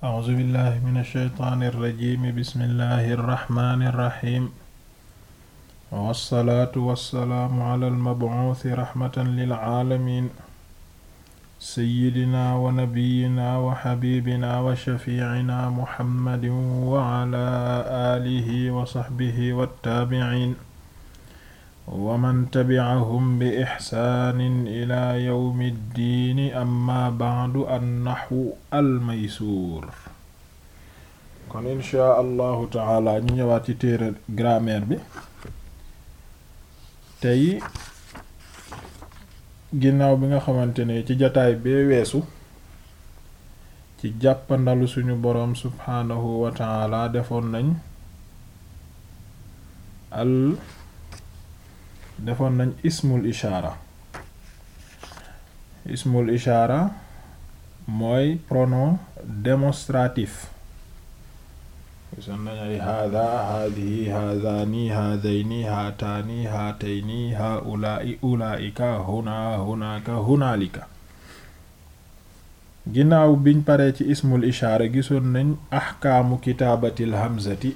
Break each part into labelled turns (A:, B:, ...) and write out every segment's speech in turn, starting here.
A: أعوذ بالله من الشيطان الرجيم بسم الله الرحمن الرحيم والصلاة والسلام على المبعوث رحمة للعالمين سيدنا ونبينا وحبيبنا وشفيعنا محمد وعلى آله وصحبه والتابعين waman tabi'ahum bi ixsaanin ila yawmi ddiini amma ba'du annaxwu almaysuur kon inchaa allahu taala ñu ñëwaat ci téere grammaire bi tey ginnaaw bi nga xamante ne ci jataay bee weesu ci jàppandalu suñu boroom subhaanahu wa taala defoon nañ al defoon nañ ismul ishaara ismul ishaara mooy prono démonstratif gisoon nañ ay hada hadihi hadani hadaini hatani hataini haulai ulaika ginnaaw biñ paree ci ismul ishaara gisoon nañ ahkaamu kitaabatil hamzati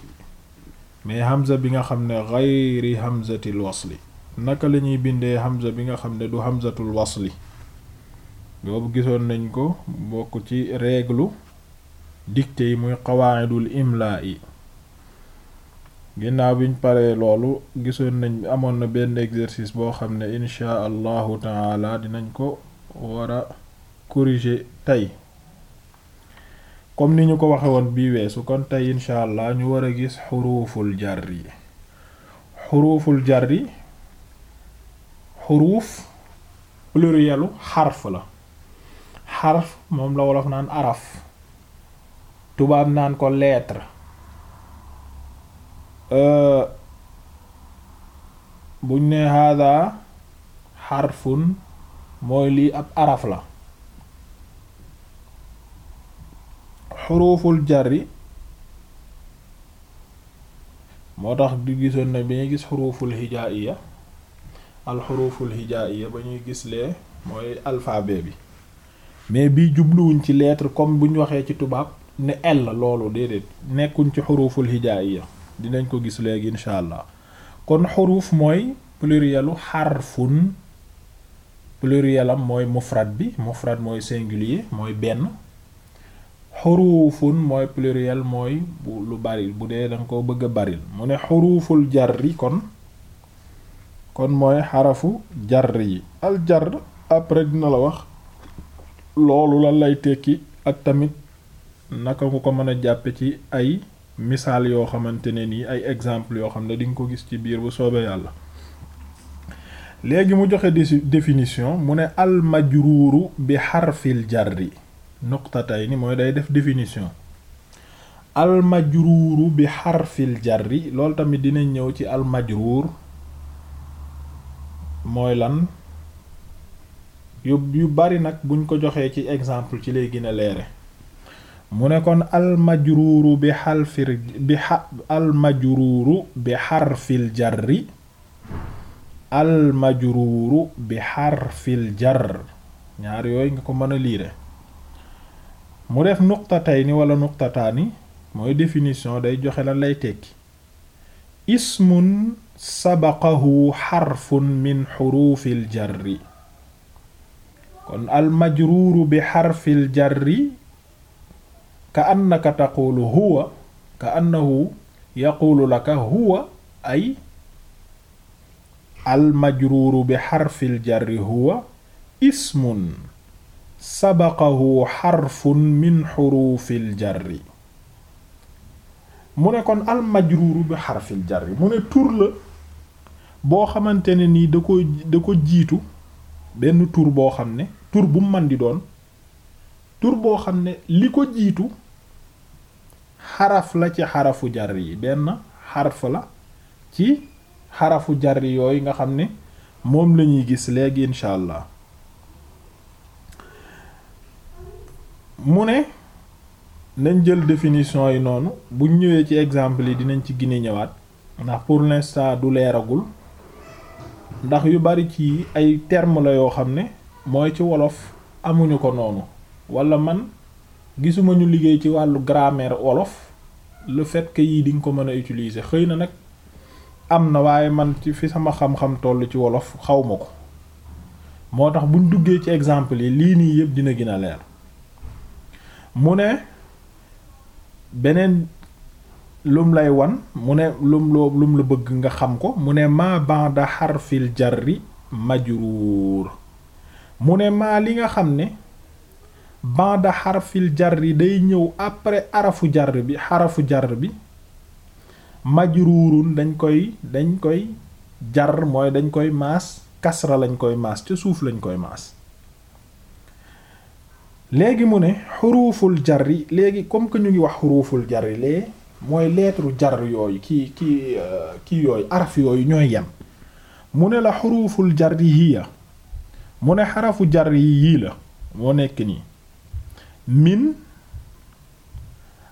A: mais hamza bi nga xam ne ghayri hamzatil wasli naka la ñuy bindee hamza bi nga xam ne du hamzatul wasli boobu gisoon nañ ko bokk ci règle dictée yi muy qawaidul imla yi ginnaaw biñ paree loolu gisoon nañ amoon na benn exercice boo xam ne inchaa allahu taala dinañ ko war a tey comme ni ñu ko waxe woon bii weesu kon tey incha allah ñu war a gis yi jarri xuruful jarri xuruuf plurielu xarf la xarf moom la wolof naan araf tubaab naan ko leetre euh, buñ ne hada xarfun mooy lii ab araf la xuruful jari moo tax di gisoon na bi ñu gis xuruful hijaiya alxuruful hijaaiya ba ñuy gis lee mooy alphabet bi mais bi jubluwuñ ci lettre comme bu ñu waxee ci tubaab ne L loolu déedéet nekkuñ ci xuruful hijaaiya dinañ ko gis léegi incha allah kon xuruf mooy plurielu xarfun plurielam mooy mufrad bi mufrad mooy singulier mooy benn xurufun mooy pluriel mooy bu lu bari bu dee danga ko bëgg a baril mu ne xuruful jarri kon kon mooy xarafu jar yi al jar après dina la wax loolu lan lay tekki ak tamit naka nga ko mën a jàppe ci ay misaal yoo xamante ne nii ay exemple yoo xam ne dinga ko gis ci biir bu soobee yàlla léegi mu joxe définition mu ne al majruuru bi xarfil jarri nuqtatay ni mooy day def définition al majruuru bi xarfil jarri loolu tamit dinañ ñëw ci al majruur mooy lan yu bari nag buñ ko joxee ci exemple ci lay gën a leere mu ne kon almajruuru bi xalfil bi bi xarfil jarri almajruuru bi xarfil jar ñaar yooyu nga ko mën a liire mu def nuqtatay ni wala nuqtataani mooy définition day joxe lan lay tekki ismun sabaqahu xarfun min xuruufil jarri kon almajruuru bi xarfil jarri ka annaka taquulu huwa ka annahu yaquulu laka huwa ay almajruuru bi xarfil jarri huwa ismun sabaqahu xarfun min xuruufil jarri mu ne kon almajruuru bi xarfil jarri mu ne tur la boo xamante ne nii da ko da ko jiitu benn tur boo xam ne tur bu man di doon tur boo xam ne li ko jiitu xaraf la ci xarafu jar yi benn xaraf la ci xarafu jar yooyu nga xam ne moom la ñuy gis léegi incha allah mu ne nañ jël définition yi noonu buñ ñëwee ci exemple yi dinañ ci gine ñëwaat ndax pour l'instant du leeragul ndax yu bari ci ay terme la yoo xam ne mooy ci wolof amuñu ko noonu wala man gisuma ñu liggéey ci wàllu grammaire wolof le fait que yii di nga ko mën a utiliser xëy na nag am na waaye man ci fi sama xam-xam toll ci wolof xaw ma ko moo tax buñ duggee ci exemple yi lii nii yëpp dina gën a leer mu ne beneen lum lay wan mu ne lum loo lum la bëgg nga xam ko mu ne ma ba'da xarfil jarri majruur mu ne maa li nga xam ne ba'da xarfil yi day ñëw après arafu jar bi xarfu jar bi majruurun dañ koy dañ koy jar mooy dañ koy maas kasra lañ koy maas ca suuf lañ koy maas léegi mu ne xuruuful yi léegi comme que ñu ngi wax xuruuful jarri lee mooy lettre jar yooyu kii kii euh, kii yooyu araf yooyu ñooy yem mu ne la xuruful jar yi ya mu ne xarafu jar yi yii la moo nekk nii min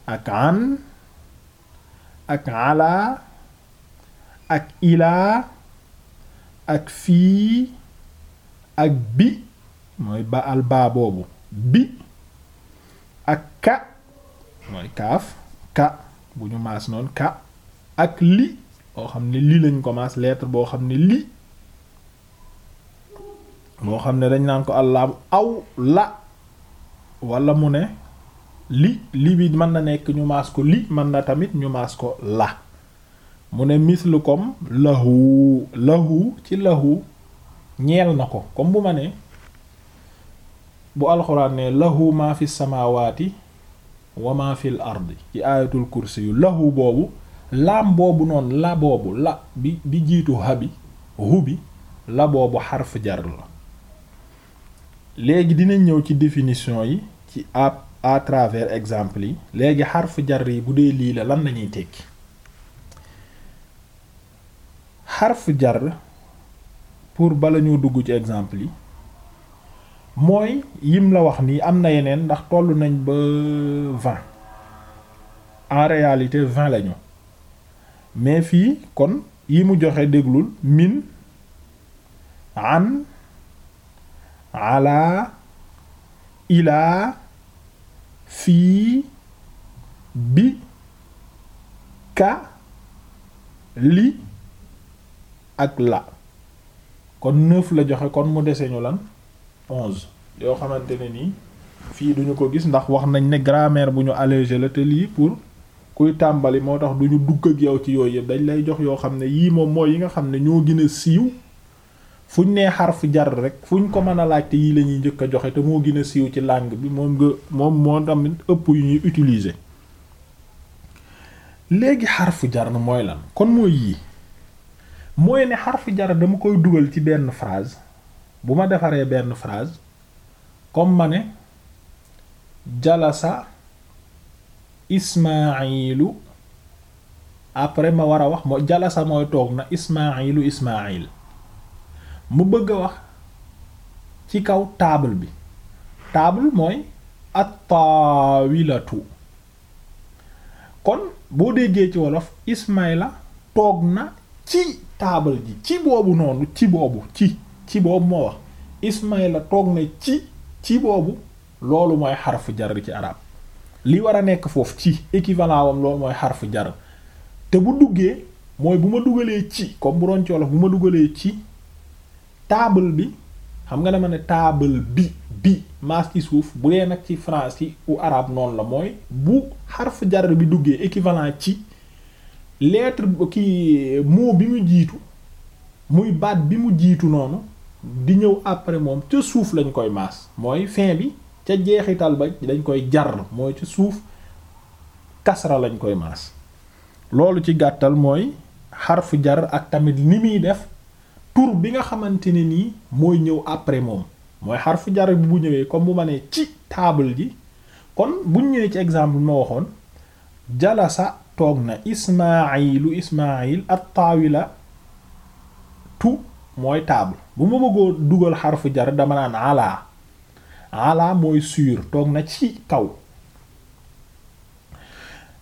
A: ak an ak ala ak ilaa ak fii ak bi mooy ba al baa boobu bi ak ka mooy kaaf ka bu ñu maas noonu ka ak li boo xam ne lii lañ ko maas lettre boo xam ne lii boo xam ne dañ naan ko allaamu aw la wala mu ne lii li bi mën na nekk ñu maas ko li mën na tamit ñu maas ko la mu ne mislu koom lahu lahu ci lahu ñeel na ko comme bu ma ne bu alxuraan ne lahu ma fi samawati wama fil ardi ci ayatul kursi yu lahu boobu laam boobu noonu la boobu la bi bi jiitu habi hubi la boobu xarf jar la léegi dina ñëw ci définition yi ci à à travers exemple yi léegi xarfu jar yi bu dee lii la lan lañuy tekki xarf jar pour bala ñu dugg ci exemple yi mooy yim la wax nii am na yeneen ndax toll nañ ba vingt en réalité vingt lañu mais fii kon yi mu joxe déglul min an ala ilaa fii bi ka li ak la kon neuf la joxe kon mu dese ñu lan onze yoo xamante ne nii fii duñu ko gis ndax wax nañ ne grammaire bu ñu allégé la te lii pour kuy tàmbali moo tax duñu dugg ak yow ci yooyu yëpp dañ lay jox yoo xam ne yii moom mooy yi nga xam ne ñoo gën a siiw fuñ nee xarf jar rek fuñ ko mën a laaj te yii la ñuy njëkk a joxe te moo gën siiw ci làng bi moom nga moom moo tamit ëpp yu ñuy utiliser léegi xarf jar na mooy lan kon mooy yii mooy ne xarf jar dama koy dugal ci benn phrase. bu ma defaree benn phrase comme ma ne jalasa ismailu après ma war a wax moo jalasa mooy toog na ismailu ismail mu bëgg a wax ci kaw taabal bi taabal mooy attaawilatu kon boo déggee ci wolof ismaila toog na ci taabal ji ci boobu noonu ci boobu ci ci boobu moo wax la toog na ci ci boobu loolu mooy xarfu jar ci arab li war a nekk foofu ci équivalent wam loolu mooy xarfu jar te bu duggee mooy bu ma dugalee ci comme bu doon bu ma dugalee ci table bi xam nga dama ne table bi bi maas ci suuf bu dee nag ci France yi ou arabe noonu la mooy bu xarfu jar bi duggee équivalent ci leetre lettre ki mot bi mu jiitu muy baat bi mu jiitu noonu di ñëw après moom ca suuf lañ koy maas mooy fin bi ca jeexital ba dañ koy jar mooy ca suuf kasra lañ koy maas loolu ci gàttal mooy xarfu jar ak tamit ni muy def tur bi nga xamante ne nii mooy ñëw après moom mooy xarfu jar bi bu ñëwee comme bu ma nee ci table ji kon buñ ñëwee ci exemple bi ma waxoon jalasa toog na ismailu ismail at-tawila tu mooy table bu ma bëggoo dugal xarfu jar dama naan ala ala mooy sur toog na ci kaw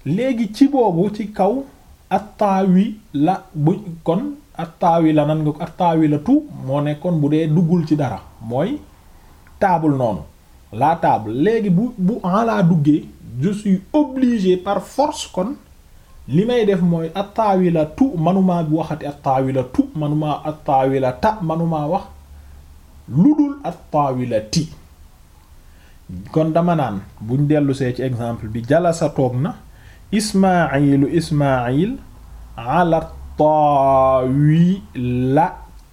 A: léegi ci boobu ci kaw attaawi la bu kon wi la nan nga ko wi la tu moo nekkoon bu dee duggul ci dara mooy table noonu la table léegi bu bu ala duggee je suis obligé par force kon li may def mooy attaawila tu manumaa waxati attaawila tu manumaa attaawila ta manumaa wax lu dul attaawila ti kon dama naan buñ dellusee ci exemple bi jalasa toog na ismailu ismail ala taawila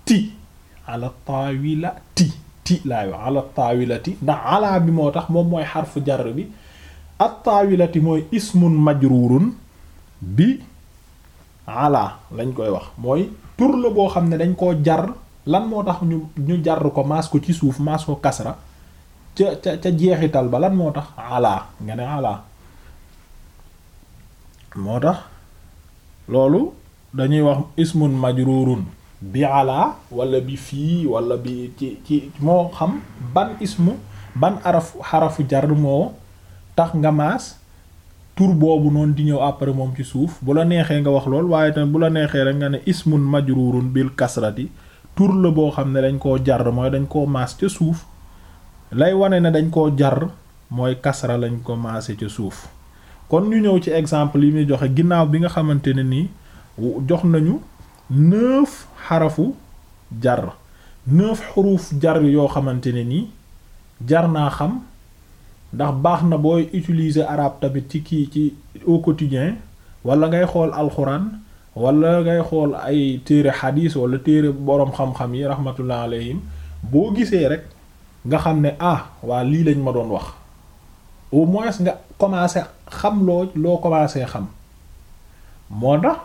A: ti ala ndax ala bi moo tax moom mooy xarfu jar bi attaawila ti mooy ismun majrurun bi ala lañ koy wax mooy tur la boo xam ne dañ koo jar lan moo tax ñu ñu jar ko maas ko ci suuf maas ko kasra ca ca ca jeexital ba lan moo tax ala nga ne ala moo tax loolu dañuy wax ismun majrurun bi ala wala bi fii wala bi ci ci moo xam ban ismu ban araf xarafu jar moo tax nga maas tur boobu noonu di ñëw après moom ci suuf bu la neexee nga wax lool waaye tamit bu la neexee rek nga ne ismun majrurun bil kasrati tur la boo xam ne dañ koo jar mooy dañ koo maas ca suuf lay wane ne dañ koo jar mooy kasra lañ ko maase ca suuf kon ñu ñëw ci exemple yi muy joxe ginnaaw bi nga xamante ne nii jox nañu neuf xarafu jar neuf xuruuf jar yoo xamante ne nii jar naa xam ndax baax na booy utiliser arabe tamit ci kii ci au quotidien wala ngay xool alxuraan walla ngay xool ay téere xadiis wala téere boroom xam-xam yi rahmatullah alayhim boo gisee rek nga xam ne ah waa lii lañ ma doon wax au moins nga commencé xam loo loo commencé xam moo tax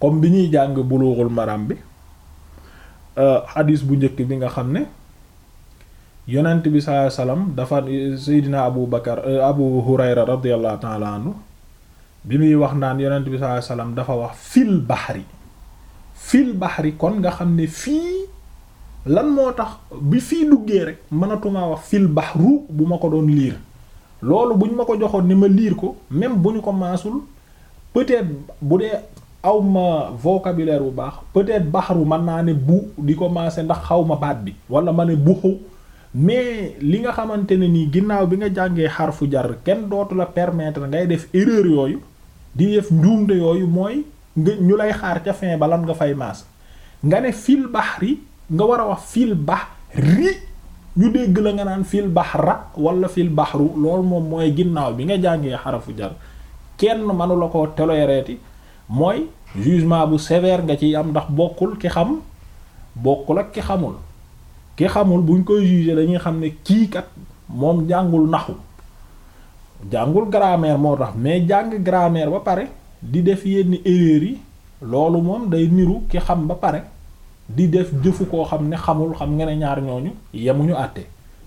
A: comme bi ñuy jàng buluuxul maram bi euh, xadiis bu njëkk bi nga xam ne yonent bi sallallahu alayhi dafa seydina abu bakar euh, abu hurayra radiyallahu ta'ala anhu bi muy wax naan yonent bi sallallahu alayhi dafa wax fil bahri fil bahri kon nga xam ne fii lan moo tax bi fii duggee rek mënatuma wax fil bahru bu ma ko doon liir loolu bu ñu ma ko joxoon ni ma liir ko même bu ñu ko maasul peut-être bu dee aw ma vocabulaire bu baax peut-être bahru mën naa ne bu di ko maase ndax xaw ma baat bi wala ma ne buxu mais li nga xamante ne ni ginnaaw bi nga jàngee xarfu jar kenn dootu la permettre ngay def erreur yooyu di def njuumte yooyu mooy nga ñu lay xaar ca fin ba lan nga fay maas nga ne fil bahri nga war a wax fil bahri ñu dégg la nga naan fil bahra walla fil bahru loolu moom mooy ginnaaw bi nga jàngee xarfu jar kenn mënu la ko toléreeti mooy jugement bu sévère nga ci am ndax bokkul ki xam bokkul ak ki xamul ki xamul buñ koy juger dañuy xam ne kii kat moom jàngul naxu jàngul grammaire moo tax mais jàng grammaire ba pare di def yenn erreurs yi loolu moom day niru ki xam ba pare di def jëfu koo xam ne xamul xam nga ñaar ñooñu yemuñu àtte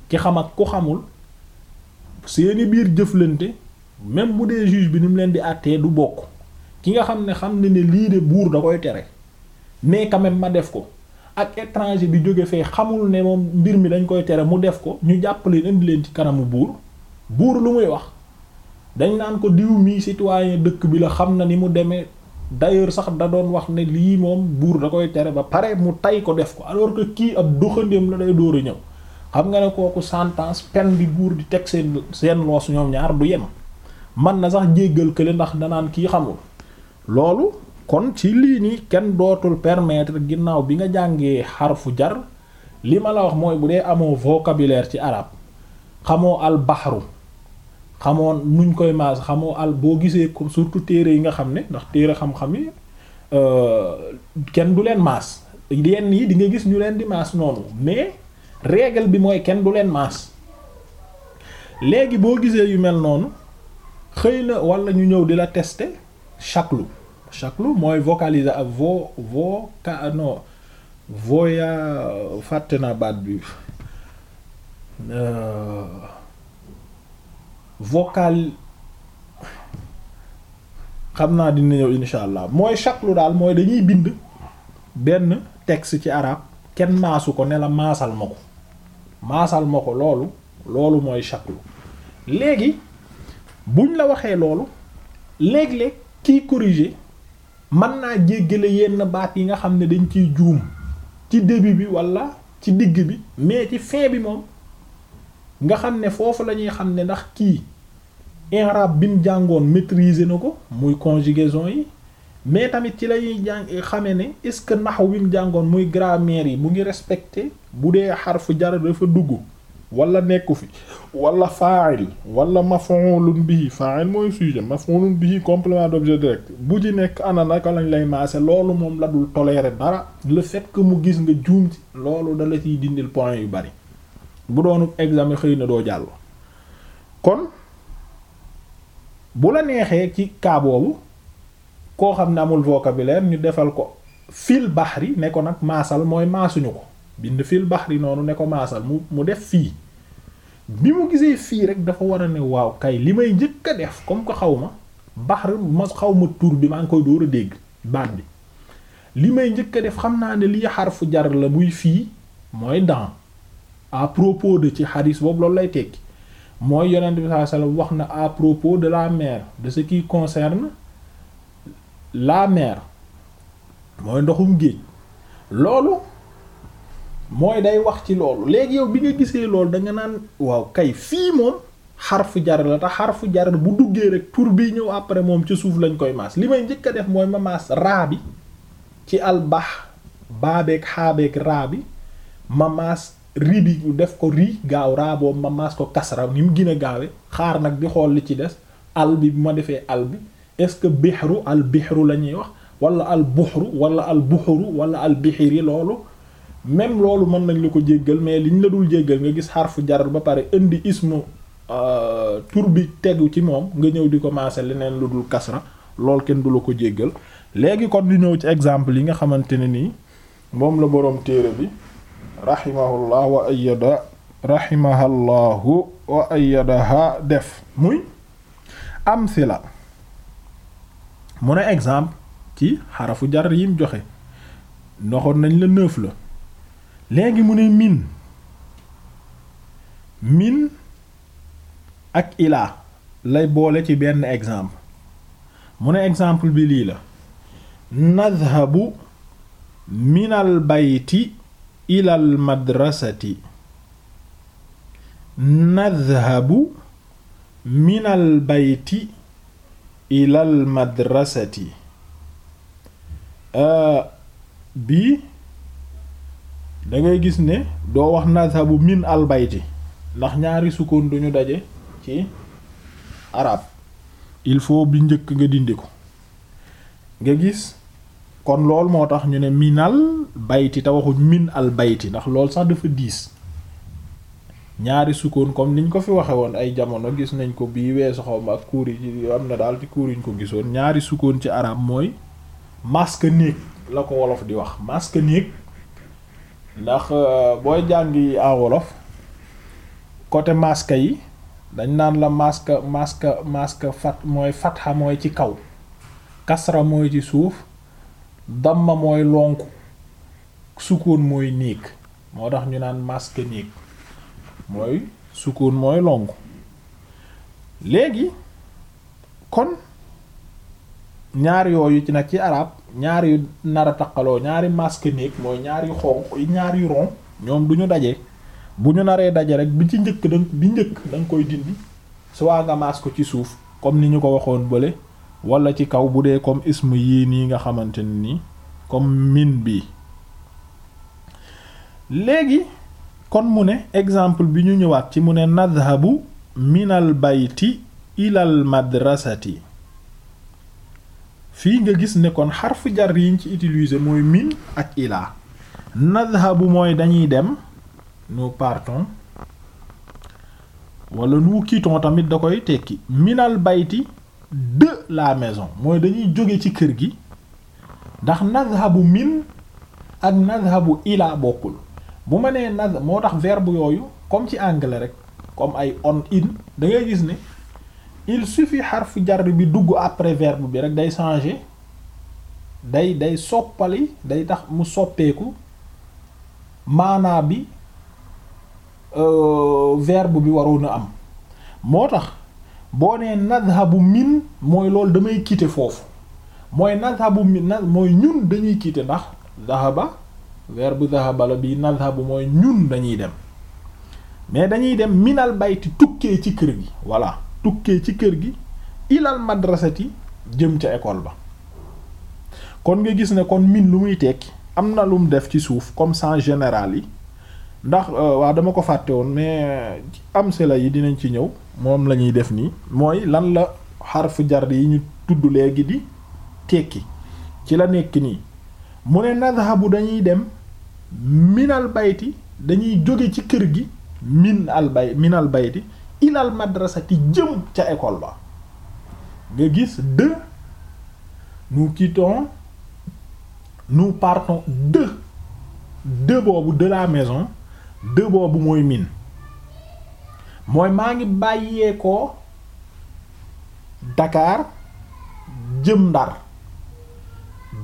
A: ki xam ak ku xamul seeni biir jëflante même mu dee juge bi ni mu leen di àttee du bokk ki nga xam ne xam ne ne lii de buur da koy tere mais quand ma def ko ak étranger bi jóge fee xamul ne moom mbir mi dañ koy tere mu def ko ñu jàppaleen indi leen ci kanamu buur buur lu muy wax dañ naan ko diw mii citoyen dëkk bi la xam na ni mu demee d'ailleurs sax da doon wax ne lii moom buur da koy tere ba pare mu tey ko def ko alors que kii ab doxandéem la day dóor a ñëw xam nga ne kooku sentence pen bi buur di teg seen seen loos ñoom ñaar du yem man na sax jéggal kële ndax danaan kii xamul loolu kon ci lii nii kenn dootul permettre ginnaaw bi nga jàngee xarfu jar li ma la wax mooy bu dee amoo vocabulaire ci arab xamoo al baxru xamoon nuñ koy maas xamoo àll boo gisee comme surtout téere yi nga xam ne ndax téere xam-xam yi euh, kenn du leen maas yenn yi di nga gis ñu leen di maas noonu mais règle bi mooy kenn du leen maas léegi boo gisee yu mel noonu xëy na wala ñu ñëw di la tester chaklu chaklu mooy vocaliser ak vo vo ka non voya fàtte na baat bi euh, vocal xam naa dina ñëw insha allah mooy chaklu daal mooy dañuy bind benn texte ci arab kenn maasu ko ne la maasal ma ko maasal ma ko loolu loolu mooy chaklu léegi buñ la waxee loolu léeg-léeg kiy corriger mën naa jéggale yenn baat yi nga xam ne dañ ciy juum ci début bi wala ci digg bi mais ci fin bi moom nga xam ne foofu la ñuy xam ne ndax kii i'rab bi jàngoon maîtriser na ko muy conjugaison yi mais tamit ci la ñuy jàng xame ne est-ce que naxw bi jàngoon muy grammaire yi mu ngi respecté bu dee xarfu jar dafa dugg wala nekku fi wala fa'il wala maf'ulun bi fa'il mooy sujet maf'ulun bihi complément d'objet direct bu ci nekk ana naka lañ lay maase loolu moom la dul tolérer dara le fait mu gis nga juum ci loolu dala ciy dindil point yu bari bu doonu examen xëy na doo jàll kon bu la neexee ci cas boobu koo xam ne amul vocabulaire ñu defal ko fil bahri ne ko nag maasal mooy maasuñu ko bind fil baxri noonu ne ko maasal mu mu def fii bi mu gisee fii rek dafa war a ne waaw kay li may njëkk a def comme que xaw ma baxri ma xaw ma tur bi maa ngi koy door a dégg baat bi li may njëkk a def xam naa ne lii xarfu jar la buy fii mooy dans à propos de ci xadis boobu loolu lay tekki mooy yonent bi sallallahu alayhi wasallam wax na à propos de la mer de ce qui concerne la mer mooy ndoxum géej loolu mooy day wax ci loolu léegi yow bi nga gisee loolu da naan waaw kay fii moom xarfu jar la te xarfu jar bu duggee rek tur bi ñëw après moom ci suuf lañ koy maas li may njëkk a def mooy ma maas raa ci albax baabeeg xaabeeg raa bi ma maas ri bi def ko rii gaaw raa boobu ma maas ko kasra ni mu gën a gaawe xaar nag bi xool li ci des al bi bu ma defee al bi est-ce que bixru al bixru la ñuy wax wala al buxru wala al buxru wala al bixiri loolu même loolu mën nañ la ko jéggal mais liñ la dul jéggal nga gis xarfu jaral ba pare indi ismu euh, tur bi tegu ci moom nga ñëw di commencer leneen lu dul kasra lool kenn du la ko jéggal léegi kon di ñëw ci exemple yi nga xamante ne nii moom la boroom téere bi rahimahullah wa ayyada rahimahallahu wa ayyadaha def muy amsila mu ne exemple ci xarafu jar yim joxe ndoxoon nañ la neuf la léegi mu ne min min ak ilaa lay boole ci benn exemple mu ne exemple bi lii la nadhabu minal bayti ilal madrasati nadhabu minal bayti ilal madrasati euh, bii da ngay gis ne doo wax bu min albayti ndax ñaari sukkoon duñu daje ci arab il faut bi njëkk nga dindi ko nga gis kon lool moo tax ñu ne minal bayti te waxuñ min al bayti ndax lool sax dafa diis ñaari sukkoon comme niñ ko fi waxe woon ay jamono gis nañ ko bii weesu xaw ak kuur yi am na daal ci kuur yiñ ko gisoon ñaari sukkoon ci arab mooy masque néeg la ko wolof di wax masque néeg ndax euh, booy jàngi en wolof côté masque yi dañ naan la masque masque masque fat mooy fatha mooy ci kaw kasra mooy ci suuf damma mooy lonku sukkoon mooy niig moo tax ñu naan masque niig mooy sukkoon mooy lonku léegi kon ñaar yooyu ci nag ci arab ñaari nara taqaloo ñaari masque néeg mooy ñaari yu xonq ñaar ñoom duñu ñu daje bu ñu naree daje rek bi ci njëkk da bi njëkk da koy dindi soit nga maas ko ci suuf comme ni ñu ko waxoon bële wala ci kaw bu dee comme ismu yii nii nga xamante ne nii comme min bi léegi kon mu ne exemple bi ñu ñëwaat ci mu ne nadhabu minal bayti ilal madrasati fii nga gis ne kon xarfu jar ci utiliser mooy min ak ilaa bu mooy dañuy dem no partons wala nous quittons tamit da koy tekki minal bayti de la maison mooy dañuy jóge ci kër gi ndax nadhabu min ak nadhabu ilaa bokkul bu ma nee nadh moo tax verbe yooyu comme ci anglais rek comme ay on in da ngay gis ne il suffit xarfu jar bi dugg après verbe bi rek day changer day day soppali day tax mu soppeeku maanaa bi euh, verbe bi waroon a am moo tax boo nee nadhabu min mooy loolu damay kiite foofu mooy nadhabu min na mooy ñun dañuy kiite ndax dhahaba verbe dhahaba la bii nadhabu mooy ñun dañuy dem mais dañuy dem minal bayti tukkee ci kër gi voilà tukkee ci kër gi ilal madrasati jëm ca école ba kon nga gis ne kon min lu muy tekki am na lum def ci suuf comme sens général yi ndax euh, waa dama ko fàtte woon mais euh, am sela yi dinañ ci ñëw moom la ñuy def nii mooy lan la xarfu jar yi ñu tudd léegi di tekki ci la nekk nii mu ne nadhabu dañuy dem minal bayti dañuy jóge ci kër gi min al bay minal bayti ilal madrasati jëm ca école ba nga gis de nous quittons nous partons de de boobu de la maison de boobu mooy min mooy maa ngi bàyyeekoo Dakar jëm Ndar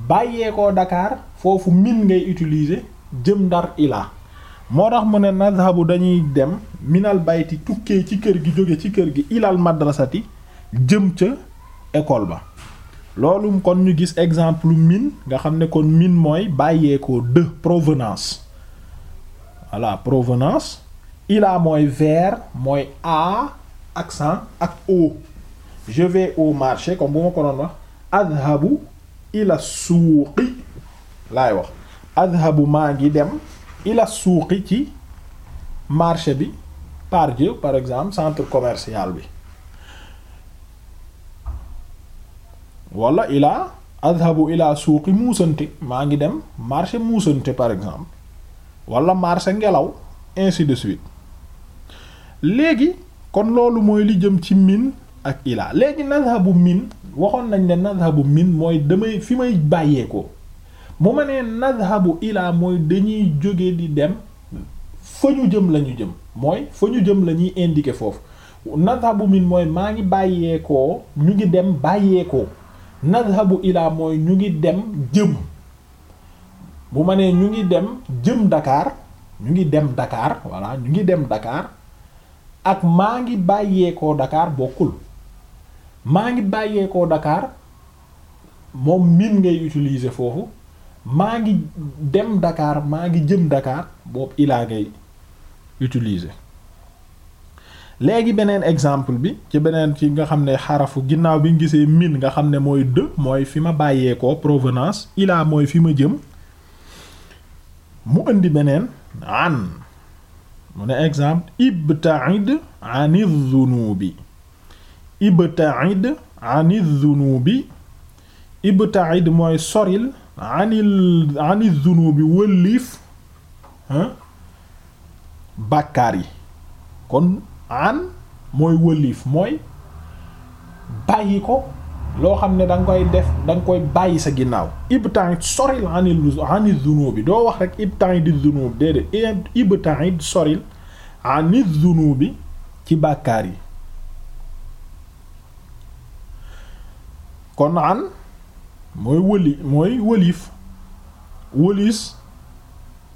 A: bàyyeekoo Dakar foofu min ngay utiliser jëm Ndar ila moo tax mu ne nadhabu dañuy dem minal bayti tukkee ci kër gi jóge ci kër gi ilal madrasati jëm ca école ba loolu kon ñu gis exemple min nga xam ne kon min mooy bàyyeekoo de provenance voilà provenance ila mooy vers mooy a accent ak o je vais comme bu ma ko doon wax adhabu ila suuqi laay wax adhabu maa ngi dem ila suuqi ci marché bi par par exemple centre commercial bi wala ilaa adhabu ila suuqi muusante maa ngi dem marché muusante par exemple walla marché ngelaw ainsi léegi kon loolu mooy li jëm ci min ak ilaa léegi nadhabu min waxoon nañ ne nadhabu min mooy damay fi may bàyyeeko bu ma nee nadhabu ilaa mooy dañuy jóge di dem fa ñu jëm la jëm mooy fa ñu jëm la ñuy foofu nadhabu min mooy maa ngi bàyyeekoo ñu ngi dem bàyyeekoo nadhabu ilaa mooy ñu ngi dem jëm bu ma nee ñu ngi dem jëm dakaar ñu ngi dem Dakar voilà ñu ngi dem dakaar ak maa ngi bàyyeekoo dakaar bokkul maa ngi bàyyeekoo Dakar moom min ngay utiliser foofu maa ngi dem dakaar maa ngi jëm dakaar boobu ilaa ngay utiliser léegi beneen exemple bi ci beneen ci nga xam ne xarafu ginnaaw bi ñu gisee min nga xam ne mooy de mooy fi ma bàyyeekoo provenance ilaa mooy fi ma jëm mu indi beneen an mu ne exemple ibta'id aniz zunubi ibta'id aniz zunubi ibta'id mooy soril anil anil zunubi wëlliif bàkkaar yi kon an mooy wëlliif mooy bàyyi ko loo xam ne da koy def da koy bàyyi sa ginnaaw ibta'id soril anil anil zunubi doo wax rek ibta'id zunub déedéet ibta'id soril anil zunubi ci bàkkaar yi kon an mooy wëli mooy wëliif wëliis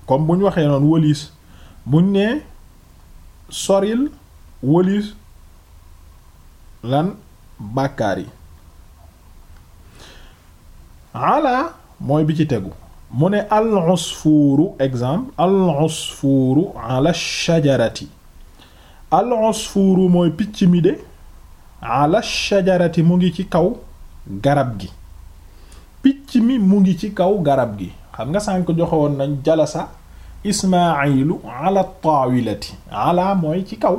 A: comme bu ñu waxee noon wëliis buñ nee soril wëliis lan bàkkaar yi ala mooy bi ci tegu mu ne al usfuru exemple al usfuru ala shajarati al usfuru mooy picc mi de ala shajarati mu ngi ci kaw garab gi picc mi mu ngi ci kaw garab gi xam nga sànk joxewoon nañ jalasa ismailu ala taawilati ala mooy ci kaw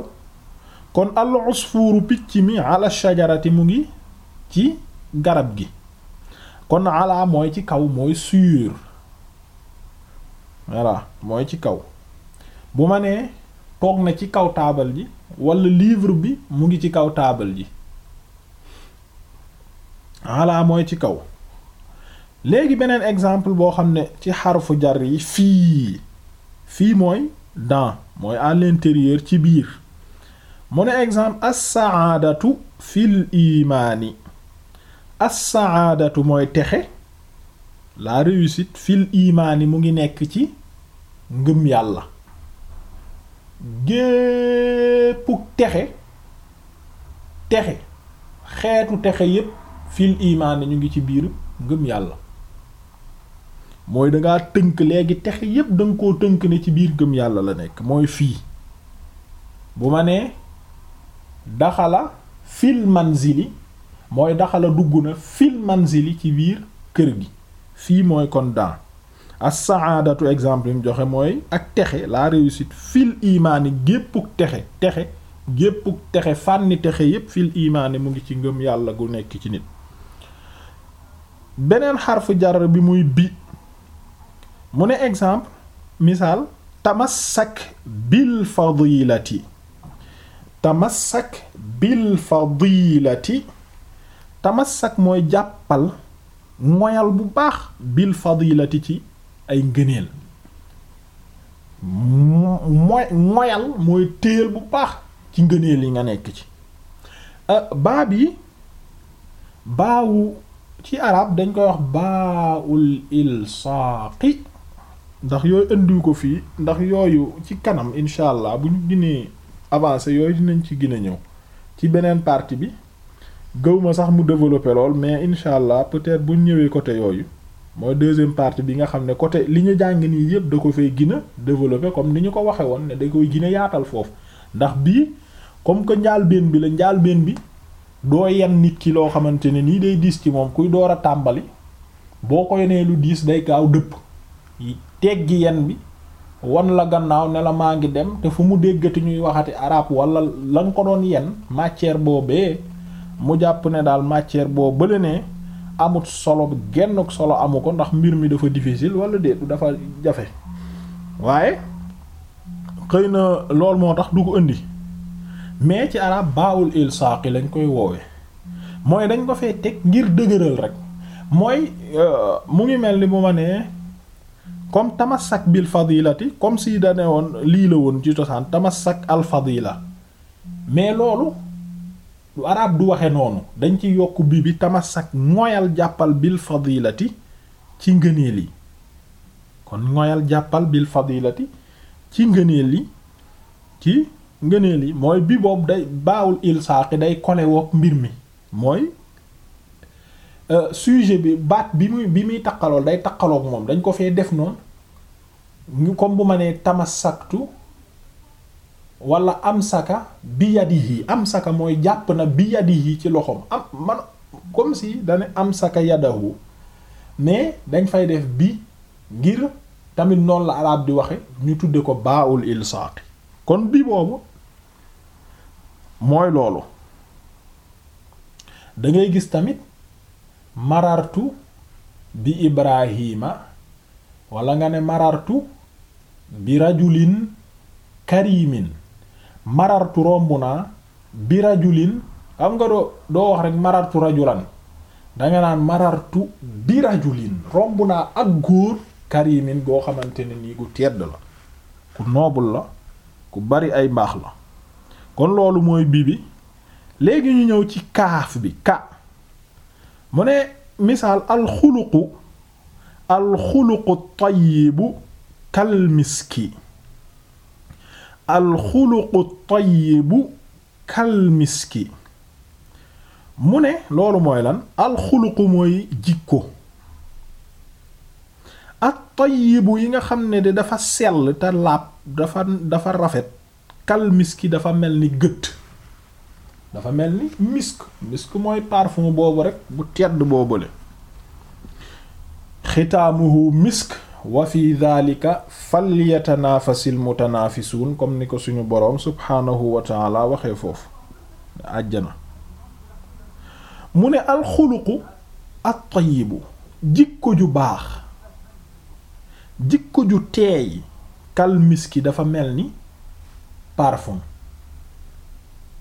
A: kon al usfuuru picc mi ala shajarati mu ngi ci garab gi kon ala mooy ci kaw mooy sur voilà mooy ci kaw bu ma nee toog na ci kaw taabal ji wala livre bi mu ngi ci kaw taabal ji ala mooy ci kaw léegi beneen exemple boo xam ne ci xarfu jar yi fii fii mooy dans mooy à l'intérieur ci biir mu ne exemple as-sa'adatu fil imaani as mooy texe laa réussite fil imaani mu ngi nekk ci ngëm yàlla gépp texe texe xeetu texe yépp fil imaani ñu ngi ci biir ngëm yàlla mooy danga tënk léegi texe yépp da nga koo tënk ne ci biir gëm yàlla la nekk mooy fii bu ma nee daxala fil manzili mooy daxala dugg na fil manzili ci biir kër gi fii mooy kon dans as-sa'adatu exemple yi joxe mooy ak texe la réussite fil imaani géppuk texe texe géppuk texe fànni texe yépp fil imaani mu ngi ci ngëm yàlla gu nekk ci nit beneen xarfu jar bi muy bi mu ne exemple misaal tamassak bil fadilati tamassak bil fadilati mooy jàppal moyal bu baax bil fadilati ci ay ngëneel moy moyal mooy téyal bu baax ci ngëneel yi nga nekk ci euh, baa bi baawu ci arab dañ koy wax baa ul ilsaaqi ndax yooyu indiwu ko fii ndax yooyu ci kanam incha allah bu ñu ginee avancé yooyu dinañ ci gën a ñëw ci beneen partie bi gëwma sax mu développé lool mais incha allah peut-être bu ñëwee côté yooyu mooy deuxième partie bi nga xam ne côté li ñu jàng nii yëpp da ko fay gina développé comme ni ñu ko waxe woon ne da koy gën a yaatal foofu ndax bii comme que njaalbeen bi la njaalbeen bi doo yen nit ki loo xamante ne nii day diis ci moom kuy door a tàmbali boo koy nee lu diis day gaaw dëpp teggi yen bi wan la gannaaw ne maa ngi dem te fu mu déggati ñuy waxati arab walla la ko doon yenn matière boobee mu jàpp ne daal matière boobu bële ne amut solo genn solo amu ko ndax mbir mi dafa difficile wala déetu jafe waaye xëy na loolu moo tax du ko indi mais ci arab baawul ilsaaqi lañ koy woowe mooy dañ ko fee teg ngir dëgëral rek mooy euh, mu ngi mel ni bu ma nee comme tamasak bil fadilati comme si da lii la woon ci cosaan tamassak al fadila mais loolu lu du waxe noonu dañ ci yokk bi bi tamassak moyal jàppal bil fadilati ci ngëneel yi kon moyal jàppal bil fadilati ci ngëneel li ci ngëneel yi mooy bi boobu day baawul ilsaaqi day kole mbir mi mooy Euh, sujet bi baat bi muy bi muy taqalool day taqaloog moom dañ ko fee def noonu ñu comme bu ma nee tamasaktu wala yi am saka mooy jàpp na yi ci loxoom am man comme si dane amsaka yadahu mais dañ fay def bi ngir tamit noonu la arab di waxe ñu tudde ko baawul baaul ilsaaqi kon bi boobu mooy loolu da gis tamit marartu bi ibrahima wala nga ne marartu bi rajulin karimin marartu romb naa bi rajulin xam nga doo doo wax rek marartu rajulan danga naan marartu bi rajulin romb naa ak góor karimin goo xamante ne nii gu tedd la ku noobul la ku bari ay mbaax la kon loolu mooy bi bi léegi ñu ñëw ci kaaf bi ka mu ne misaal alxuluqu alxuluqu tayibu kalmiski alxuluqu tayibu kalmiski mu ne loolu mooy lan alxuluqu mooy jikko ak tayibu yi nga xam ne de dafa sell te laab dafa dafa rafet kalmiski dafa mel ni gët dafa mel ni misk misk mooy parfum boobu rekk bu tedd boobule xitaamuhu misk wa fi dhalika falyatanafasil mutanafisun comme ni ko suñu boroom subhaanahu wa taala waxee foofu àjjana mu ne alxuluqu at-tayyibu jikko ju baax jikko ju teey kal miski dafa mel ni parfum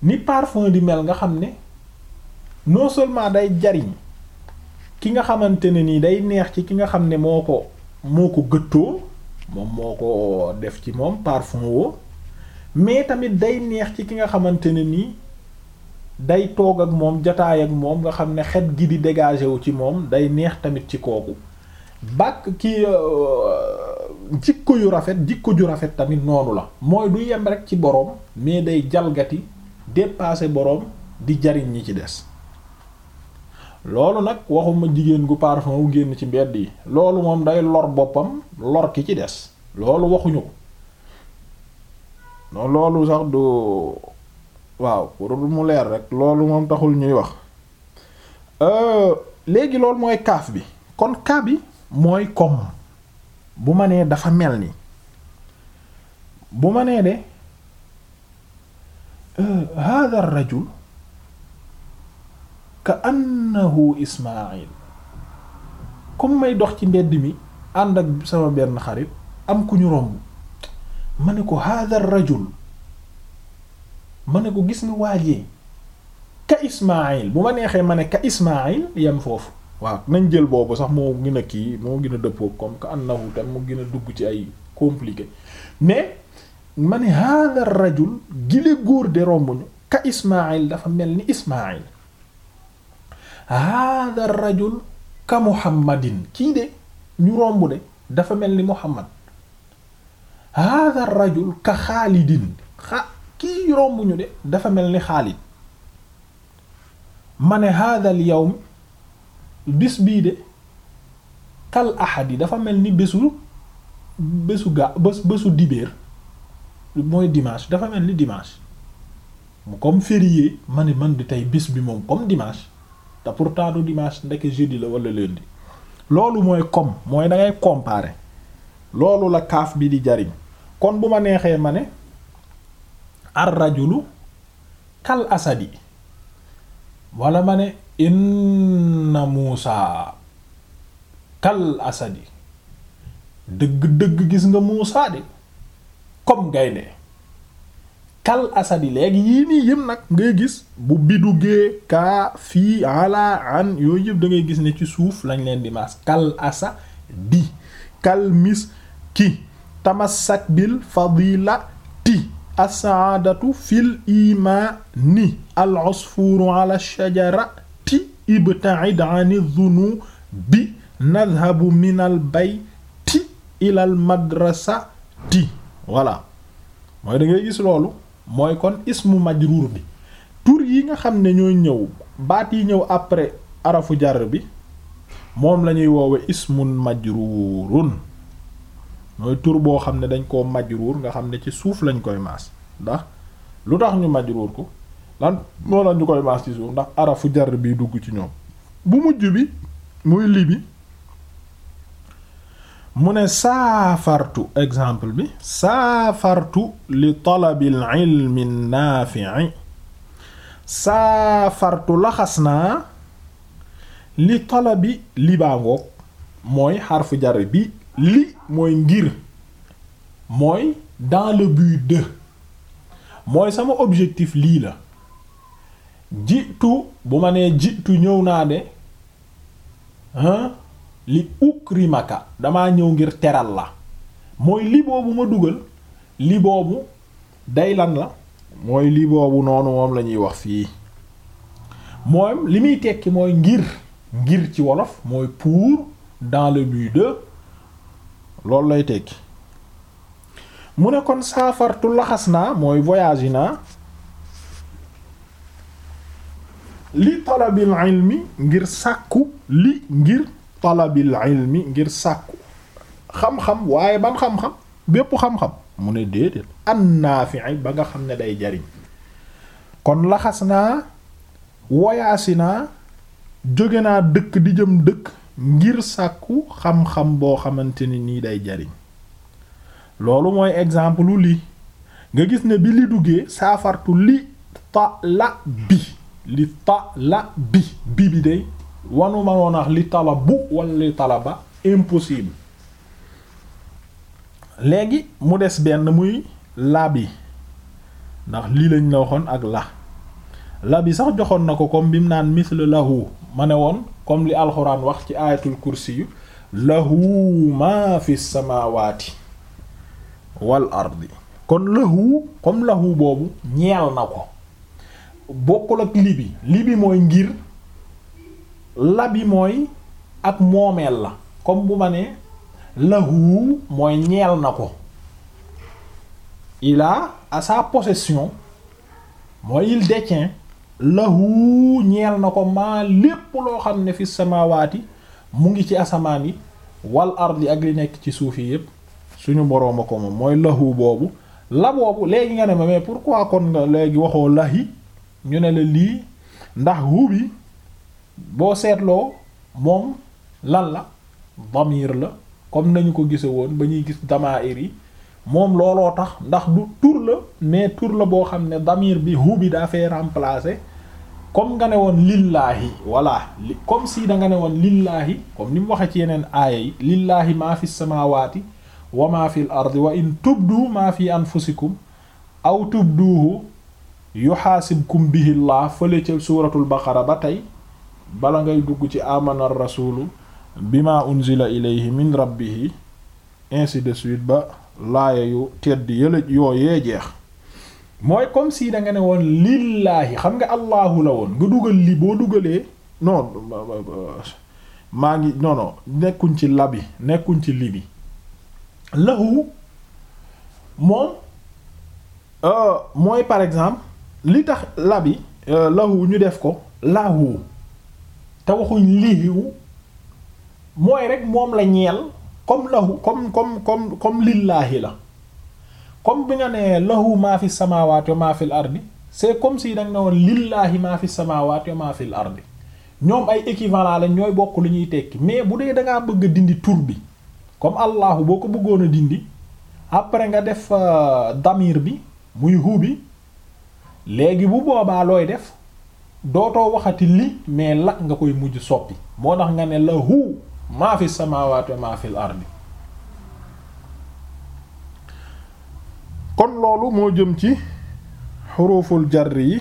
A: ni parfum di mel nga xam ne noo seulement day jariñ ki nga xamante ne nii day neex ci ki nga xam ne moo ko moo ko gëttoo moom moo ko def ci moom parfum woo mais tamit day neex ci ki nga xamante ne nii day toog ak moom jataay ak moom nga xam ne xet gi di dégagé wu ci moom day neex tamit ci kooku bàkk ki euh, jikko yu rafet jikko ju rafet tamit noonu la mooy du yem rek ci boroom mais day jalgati dépasser boroom di jariñ ñi ci des loolu nag waxuma jigéen gu parfum wu génn ci mbedd yi loolu moom day lor boppam lor ki ci des loolu waxuñu ko loolu sax du waaw pour mu leer rek loolu moom taxul ñuy wax euh, léegi loolu mooy kaaf bi kon kaa bi mooy kom bu ma nee dafa mel ni bu ma nee de hada rajul ka annahu ismail comme may dox ci mbedd mi ànd ak sama benn xarit am ku ñu romb ma ne ko hada rajul ma ne ko gis nga waajee ka ismail bu ma neexee ma ne ka ismail yem foofu waaw nañ jël boobu sax moo gën a kii moo gën a dëppoo comme ka annahu tam moo gën a dugg ci ay compliqué mais ma ne hada rajul gile góor de romb ka ismail dafa mel ni ismail hada rajul ka muhammadin kii de ñu romb de dafa mel ni muhammad hada rajul ka xaalidin xa kii romb ñu de dafa mel ni xaalid ma ne hada al yawm bis bii de kal ahadi dafa mel ni bésu bésu ga bés dibeer mooy dimanche dafa mel ni dimanche mu comme férié ma ne man di tey bis bi moom comme dimanche te pourtant du dimanche ndeke jeudi la wala lundi loolu mooy comme mooy da ngay loolu la kaaf bi di jariñ kon bu ma neexee ma ne ar rajulu kal asadi wala ma ne inna Muusa kal asadi dëgg-dëgg gis nga Muusa de comme gaynde kal asadi léegi yii nii yëm nag ngay gis bu bidugee kaa fii an yooyu yëpp da gis ne ci suuf lañ leen di maas kal asa di kal mis ki tamassak bil fadila ti asaadatu fil ima al usfuru ala shajara ti ibtaid ani zunu bi nadhabu min al bay ti ilal madrasa ti voilà mooy dangay gis loolu mooy kon ismu majruur bi tur yi nga xam ne ñooy ñëw baat yi ñëw après arafu jar bi moom la ñuy woowe ismun majruurun mooy tur boo xam ne dañ koo majruur nga xam ne ci suuf lañ koy maas ndax lu tax ñu majruur ko lan moo la ñu koy maas ci suuf ndax arafu jar bi dugg ci ñoom bu mujj bi muy li mu ne saafartu exemple bi saafartu li talabil ilmi naafi'i saafartu laxas naa li talabi li baa ngoog mooy xarfu jar bi li mooy ngir mooy dans le but mooy sama objectif lii la jiitu bu ma nee jiitu ñëw naa de hein li ukrimaka dama ñëw ngir teral la mooy li boobu ma dugal li boobu day lan la mooy li boobu noonu moom la ñuy wax fii moom li muy tekki mooy ngir ngir ci wolof mooy pour dans le but de loolu lay tekki mu ne kon saafartu laxas naa mooy voyage naa li talabil ilmi ngir sàkku li ngir talabil ilmi ngir sàkku xam-xam waaye ban xam-xam bépp xam-xam mu ne déedéet an naafi'i ba nga xam ne day jariñ kon laxas naa woyaasi naa jóge naa dëkk di jëm dëkk ngir sàkku xam-xam boo xamante ni nii day jariñ loolu mooy exemple lu lii nga gis ne bi li duggee saafartu li ta la bi li ta la bi bi bi day wanu ma woon wax li talabu wala li talaba impossible léegi mu des benn muy laab ndax lii lañ la waxoon ak la laab sax joxoon na ko comme bi mu naan misle lahu ma ne woon comme li alxuraan wax ci ayatul kursi yu lahu ma fi samawati wal ardi kon lahu comme lahu boobu ñeel na ko bokkul ak libi libi mooy ngir la bi mooy ak moomeel la comme bu ma nee lahu mooy ñeel na ko il a à sa possession mooy il détient lahu ñeel na ko maa lépp loo xam ne fi samaawaati mu ngi ci asamaan yi wal ardi ak li nekk ci suuf yi yépp suñu borooma ko moom mooy lahu boobu la boobu léegi nga ne ma mais pourquoi kon nga léegi waxoo lahi ñu ne la lii ndax hu boo seetloo moom lan la damir la comme nañu ko gise woon ba ñuy gis damair yi moom looloo tax ndax du tur la mais tur la boo xam ne damir bi hu bi daa fee remplacer comme nga ne woon lillaahi voilà comme si da nga ne woon lillaahi comme ni mu waxe ci yeneen aaya yi lillaahi maa fi samaawaati wa maa fi l ardi wa in tubdu maa fi anfusikum aw tubduhu yuxaasibkum bihi llah fële ca suratul baqara ba tey bala ngay dugg ci amana rasulu bima unzila ilayhi min rabbihi ainsi de suite ba laaya yu tedd yëla yooyee jeex mooy comme si da nga ne woon lillaahi xam nga allahu la woon nga dugal li boo dugalee non maa ngi non nekkuñ ci labi nekkuñ ci libi lahu moom euh, mooy par exemple li tax labi euh, lahu ñu def ko lahu te waxuñ lihiwu mooy rek moom la ñeel comme lahu comme comme comme comme lillaahi la comme bi nga maa fi samaawaati wa maa fil ardi c'est comme si danga ne woon lillaahi maa fi samaawaati wa maa fil ardi ñoom ay équivalent la ñooy bokk lu ñuy tekki mais bu dee dangaa bëgg a dindi tur bi comme allahu boo ko bëggoon a dindi après nga def euh, damir bi muy hu léegi bu boobaa looy def dootoo waxati li mais la nga koy mujj soppi moo tax nga ne lahu maa fi samaawaati wa maa fil ardi kon loolu moo jëm ci xuruful jar yi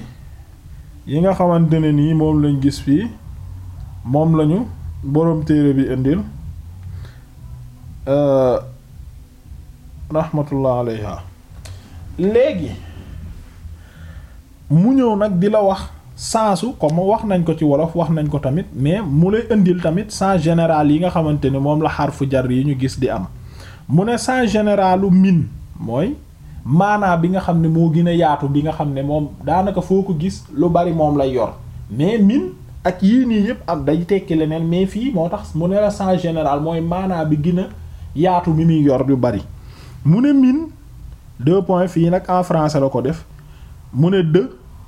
A: yi nga xamante ne nii moom lañ gis fii moom lañu boroom téere bi indil euh, rahmatullah alayha léegi mu ñëw nag di la wax ko comme wax nañ ko ci wolof wax nañ ko tamit mais mu lay indil tamit sens général yi nga xamante ne moom la xarfu jar yi ñu gis di am mu ne sens généralu min mooy maanaa bi nga xam ne moo gën a yaatu bi nga xam ne moom daanaka foo ko gis lu bari moom lay yor mais min ak yii nii yëpp am day tekki leneen mais fii moo tax mu ne la sens général mooy maanaa bi gina yaatu mi muy yor yu bari mu ne min deux points fii nag en français la ko def mu ne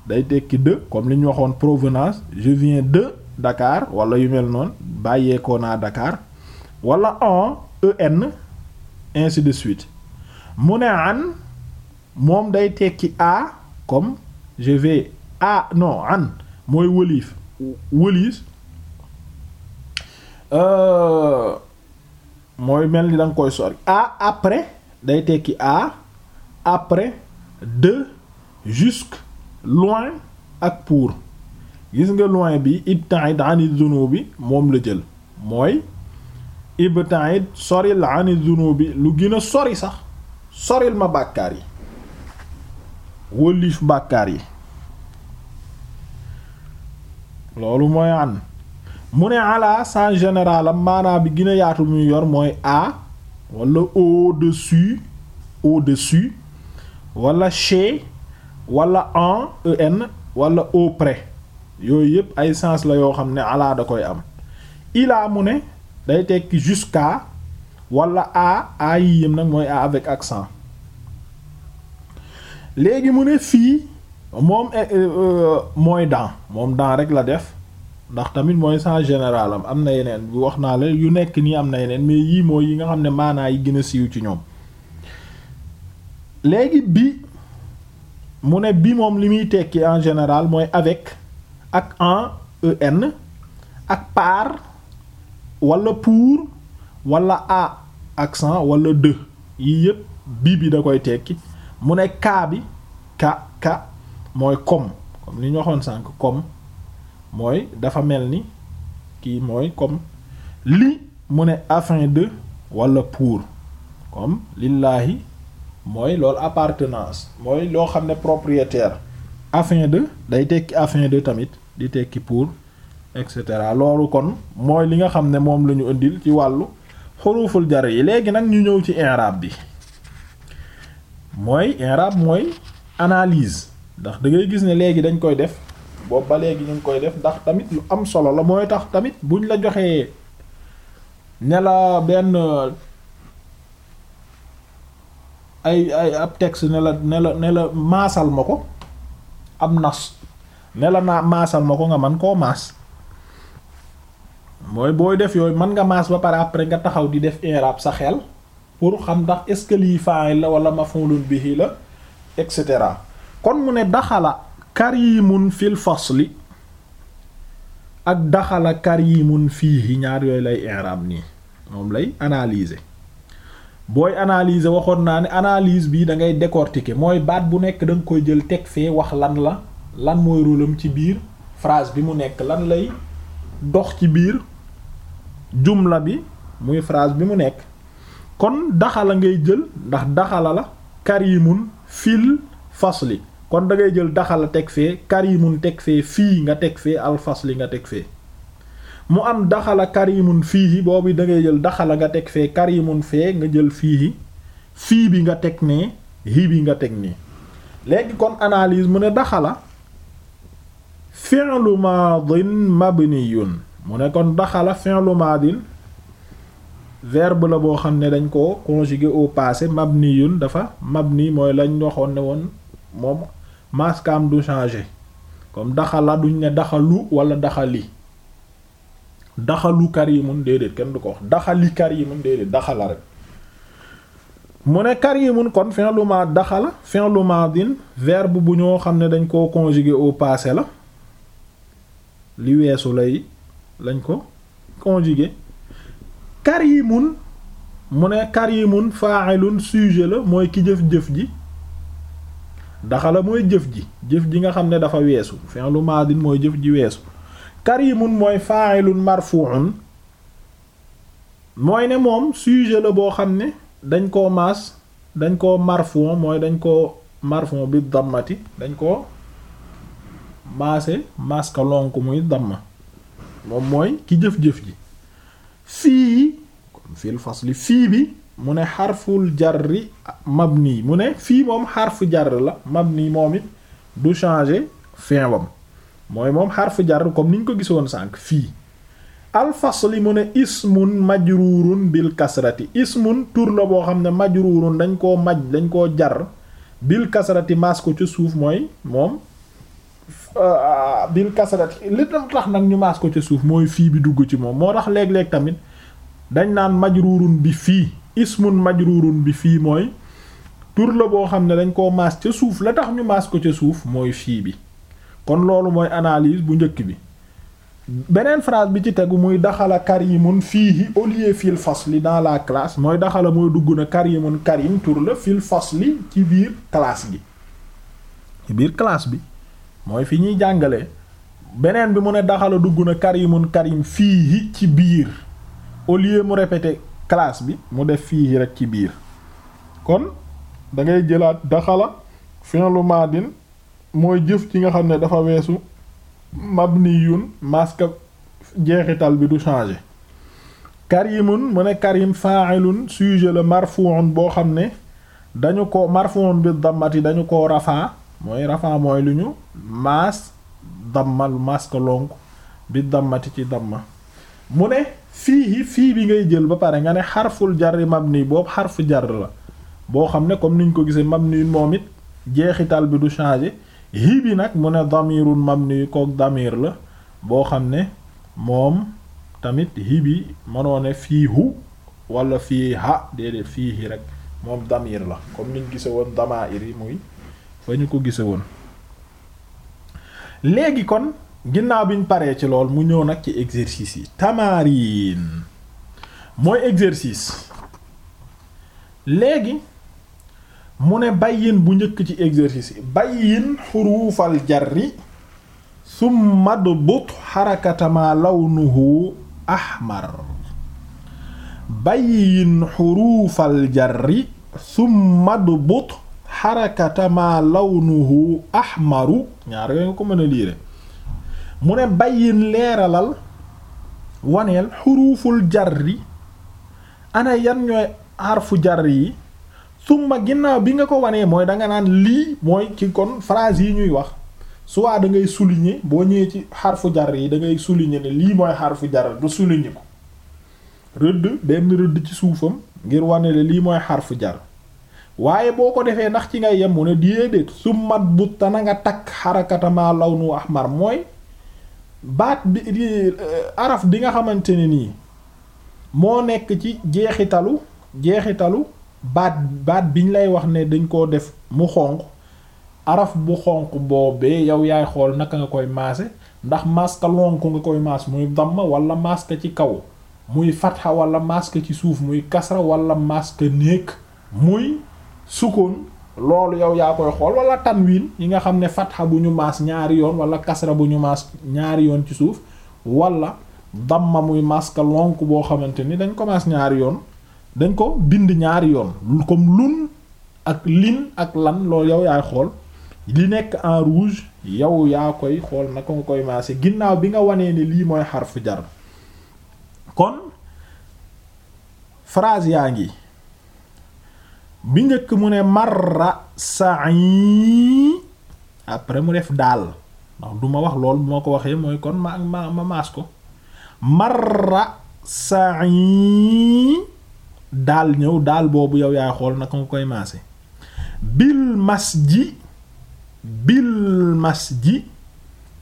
A: day tekki de comme li ñu waxoon provenance je viens de Dakar wala yu mel noon bàyyeekoo naa Dakar wala en en ainsi de suite mu ne an moom day tekki a comme je vais a non an mooy wëliif wëliis euh, mooy mel ni da koy sori a après day tekki a après de jusque loin ak pour gis nga loin bi ibta'id ani bi moom la jël mooy ibta'id soril ani bi lu gën a sori sax soril ma bàkkaar yi wëlif bàkkaar yi loolu mooy an mu ne ala sans général maanaa bi gën yaatu muy yor mooy a de su dessus au-dessus wala chez wala en en wala auprès yooyu yëpp ay sens la yoo xam ne alaa da koy am ilaa mu ne day tekki jusqu'à wala a a yi yëm nag mooy a avec accent léegi mu ne fii moom eh, eh, euh, mooy dans moom dans rek la def ndax tamit mooy sens général am am na yeneen bu wax naa la yu nekk nii am na yeneen mais yii mooy yi nga xam ne maanaa yi gën a siiw ci ñoom léegi bi mu ne bi moom li muy tekki en général mooy avec ak en en ak paar wala pour wala à accent walla de yi yëpp bi bi da koy tekki mu ne kaabi bi ka ka mooy comme li ñu waxoon sànk comme mooy dafa mel ni kii mooy comme li mu ne afin de wala pour comme lillaahi mooy loolu appartenance mooy loo xam ne propriétaire afin de day tekki afin de tamit di tekki pour et cetera loolu kon mooy li nga xam ne moom la ñu indil ci wàllu xuruful jar yi léegi nag ñu ñëw ci inrab bi mooy inrab mooy analyse ndax da ngay gis ne léegi dañ koy def boobu léegi ñu ngi koy def ndax tamit lu am solo la mooy tax tamit bu buñ la joxee ne benn ay ay ab texte ne la ne la maasal ma ko ab nas ne la naa maasal ma ko nga man koo maas mooy booy def yooyu mën nga maas ba pare après nga taxaw di def i'rab sa xel pour xam ndax est-ce que lii fa'il la wala maf'ulun bihi la et cetera kon mu ne daxala mun fil fasli ak daxala kar yii karimun fiihi ñaar yooyu lay i'rab nii moom lay analyser booy analyser waxoon naa ne analyse bi da ngay décortiquer mooy baat bu nekk da koy jël teg fee wax lan la lan mooy rôlam ci biir frase bi mu nekk lan lay dox ci biir jumla bi muy phrase bi mu nekk kon daxala ngay jël ndax daxala la karimun fil li kon dangay ngay jël daxala teg fee karimun teg fee fii nga teg fee fas li nga teg fee mu am daxala karimun fiihi boobu da ngay jël daxala nga teg fee karimun fee nga jël fii fii bi nga teg nee hi bi nga teg nii léegi kon analyse mu ne daxala fi'lu maadin mabniyun mu ne kon daxala fi'lu maadin verbe la boo xam ne dañ ko conjugué au passé mabniyun dafa mabni mooy lañ waxoon ne woon moom maskam du changé comme daxala duñ ne daxalu wala daxali daxalu karimun déedéet kenn du ko wax daxali karimun déedéet daxala rek mu ne karimun kon fi'lu ma daxala fi'lu madin verbe bu ñoo xam ne dañ koo conjuguer au passé la li weesu lay lañ ko conjuguer karimun mu ne karimun fa'ilun sujet la mooy ki jëf-jëf ji daxala mooy jëf ji jëf ji nga xam ne dafa weesu fi'lu madin mooy jëf ji weesu mun mooy fa'ilun marfu'un mooy ne moom sujet la boo xam ne dañ koo maas dañ koo marfon mooy dañ koo marfon bi dammati dañ koo maase maska muy damma moom mooy ki jëf-jëf ji fii kon fii bi mu ne xarful jarri mabni mu ne fii moom xarfu jarr la mabni moom it du changer fin wam mooy moom xarfu jar comme niñ ko gisoon sànk fii alfasli mu ne ismun majruurun bil kasrati ismun tur la boo xam ne majruurun dañ koo maj dañ koo jar bil kasrati maas ko ca suuf mooy moom bil kasrati li nag ñu maas ko ca suuf mooy fii bi dugg ci moom moo tax léeg tamit dañ naan majruurun bi fii ismun majruurun bi fii mooy tur la boo xam ne dañ koo maas ca suuf la tax ñu maas ko ca suuf mooy fii bi kon loolu mooy analyse bu njëkk bi beneen phrase bi ci tegu muy daxala karimun fiihi au lieu fil fasli dans la classe mooy daxala mooy dugg na karimun karim tur la fil fasli ci biir classe gi ci biir classe bi mooy fi ñuy jàngale beneen bi mu ne daxala dugg na karimun fii fiihi ci biir au lieu mu répéter classe bi mu def fiihi rek ci biir kon dangay ngay jëlaat daxala fi'lu madin mooy jëf ci nga xam ne dafa weesu mabniyun maska jeexital bi du changer karimun mu ne karim fa'ilun sujet la marfu'un boo xam ne dañu ko marfu'un bi dammati dañu ko rafa mooy rafa mooy lu ñu maas dammal maska lonk bi damati ci dama mu ne fii fii bi ngay jël ba pare nga ne xarful jarri mabni boobu xarfu jar la boo xam ne comme niñ ko gisee mabniyun moom it jeexital bi du changer hi bi nag mu ne damirun mabni kook damir la boo xam ne moom tamit hi bi mënoo ne fii hu wala fii ha déedéet fii hi rek moom damir la comme niñ gise woon damaa ir yi muy fa ñu ko gise woon léegi kon ginnaaw biñ paree ci lool mu ñëw nag ci exercice yi tamarin mooy exercice léegi mu ne bayyin bu njëkk ci exercice yi bayyin xuruufal jarri summa dbut xarakatama lawnuhu ahmar bayyin xuruufal jarri summa dbut xarakatama lawnuhu ahmaru ñaar yooyu nga ko mën a liire mu ne bayyin leeralal waneel xuruuful jarri ana yan ñooy arfu jarri yi summa ginnaaw bi nga ko wanee mooy danga naan lii mooy ci kon phrase yi ñuy wax soit da ngay souligner boo ñëwee ci xarfu jar yi da ngay souligner ne lii mooy xarfu jar du souligner ko rëdd benn rëdd ci suufam ngir wane ne lii mooy xarfu jar waaye boo ko defee ndax ci ngay yem mu ne déedéet summat but ta na nga takk xarakatamaa law nu ahmar mooy baat bi eh, araf bi nga xamante ne nii moo nekk ci jeexi jeexitalu jeexitalu baat baat biñ lay wax ne dañ koo def mu xonq araf bu xonq boobee yow yaay xool naka nga koy maase ndax maska ka nga koy maas muy damma wala maas ci kaw muy fatxa wala maas ci suuf muy kasra wala maas ka muy sukkoon loolu yow yaa koy xool wala tanwin yi nga xam ne fatxa bu ñu maas ñaari yoon wala kasra bu ñu maas ñaari yoon ci suuf walla damma muy maas ka boo xamante ni dañ ko maas ñaari yoon dañ ko bind ñaari yoon comme lun ak lin ak lan loolu yow yaay xool li nekk en rouge yow yaa koy xool naka nga koy maase ginnaaw bi nga wanee ne lii mooy xarfu jar kon phrase yaa ngi bi njëkk mu ne marra sa'i après mu def daal ndax du ma wax lool bu ma ko waxee mooy kon ma ma maas ko marra sa'i daal ñëw daal boobu yow yaay xool naka nga koy maase bil mas ji bil mas ji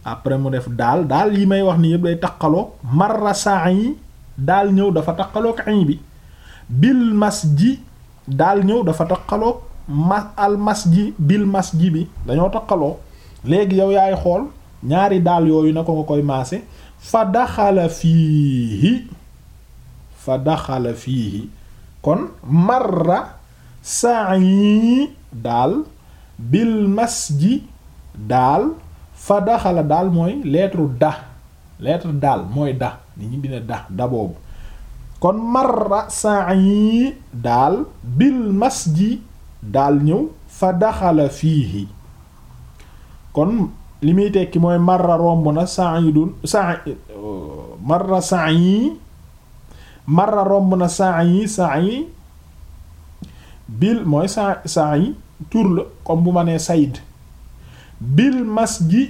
A: après mu def daal daal yi may wax ni yëpp day taqaloog marra saa yi daal ñëw dafa taqaloog bi bil mas ji daal ñëw dafa taqaloog ma al mas ji bil mas ji bi dañoo taqaloo léegi yow yaay xool ñaari daal yooyu naka nga koy maase fa daxala fiihi fa daxala fiihi kon marra sa'i daal bil masjid daal fa daxala daal mooy lettre da lettre daal mooy da nit ñi dina da da boobu kon marra sa'i daal bil masjid daal ñëw fa daxala fiihi kon li muy tekki mooy marra romb na sa'idun sa'i marra sa'i mara romb na sa'i sa'i bil mooy sa sa'i tur la comme bu ma nee sayid bil masjid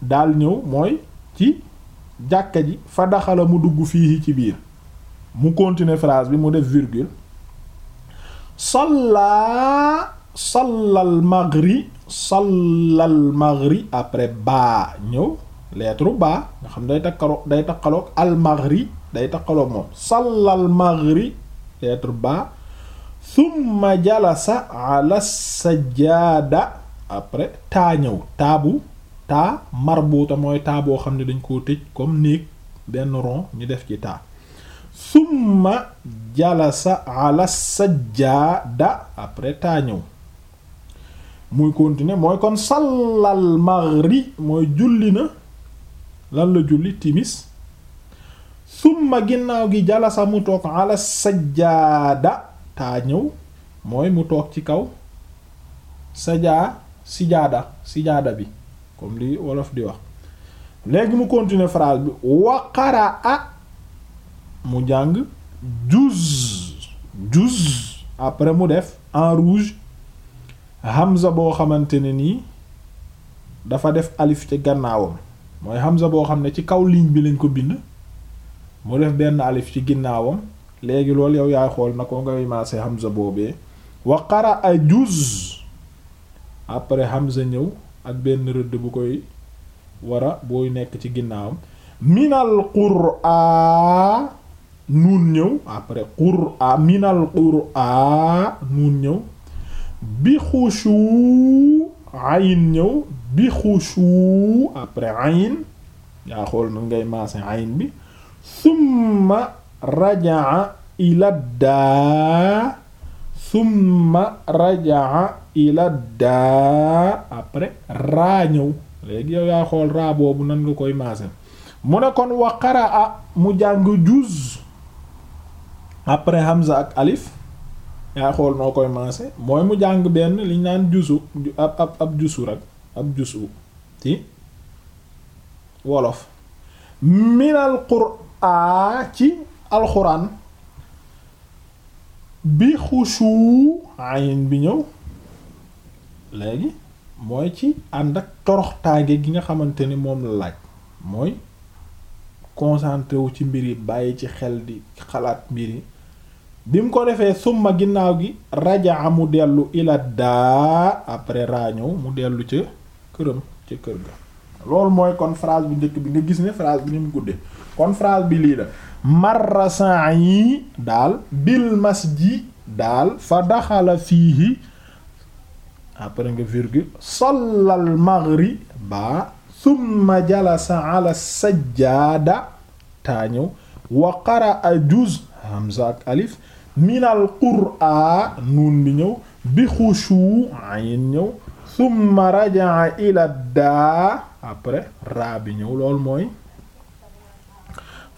A: daal ñëw mooy ci jàkka ji fa daxala mu dugg fii ci biir mu continuer phrase bi mu def virgule salla sallal magri sallal magri après baa ñëw lettre baa nga xam day takkaro day al magri day taqaloo moom sallal maghri lettre ba thumma jalasa ala sajada après taa ñëw taabu taa marbuuta mooy taa boo xam ne dañ koo tëj comme néeg benn rond ñu def ci taa thumma jalasa ala sajada après taa ñëw muy continuer mooy kon sallal maghri mooy julli na lan la julli timis summa ginnaaw gi jalasa mu toog ala sajjaada taa ñëw mooy mu toog ci kaw sajaa sijaada sijaada bi comme li wolof di wax léegi mu continuer phrase bi wa mu jàng juz juz après mu def en rouge hamza boo xamante ne nii dafa def alif ci gannaawam mooy hamza boo xam ne ci kaw ligne bi lañ ko bind mu def benn alif ci ginnaawam léegi loolu yow yaay xool na ko ngay maase Hamza boobee wa qaraa juz après Hamza ñëw ak benn rëdd bu koy wara booy nekk ci ginnaawam minal qur'aa nuun ñëw après qur'aa minal qur'aa nuun ñëw bi xushu ayin ñëw bi xushu après ayin yaa xool na ngay maase ayin bi summa rajaa ila daa summa rajaa ila daa après raa ñëw léegi yow yaa xool raa boobu nan nga koy maasal mu ne kon wa qaraa mu jàng juz après hamza ak alif yaa xool noo koy maase mooy mu jàng benn liñ naan jusu ab ab ab jusu ab jusu ci wolof minal qur'an aa ci alxuraan bi xushu ayin bi ñëw léegi mooy ci ànd ak toroxtaange gi nga xamante ni moom la laaj mooy concentré ci mbir yi bàyyi ci xel di xalaat mbir yi bi mu ko defee summa ginnaaw gi rajaa mu dellu ila daa après raa ñëw mu dellu ca këram ca kër ga loolu mooy kon phrase bi njëkk bi nga gis ne phrase bi ni mu guddee kon phrase bi lii la marra sa'i daal bil masjid daal fa daxala fiihi après nga virgule sallal jalasa ala sajjada taa ñëw wa qaraa juz hamza ak alif minal qur'aa nuun bi ñëw bi xushu ayin ñëw thumma rajaa ila daa après raa bi ñëw loolu mooy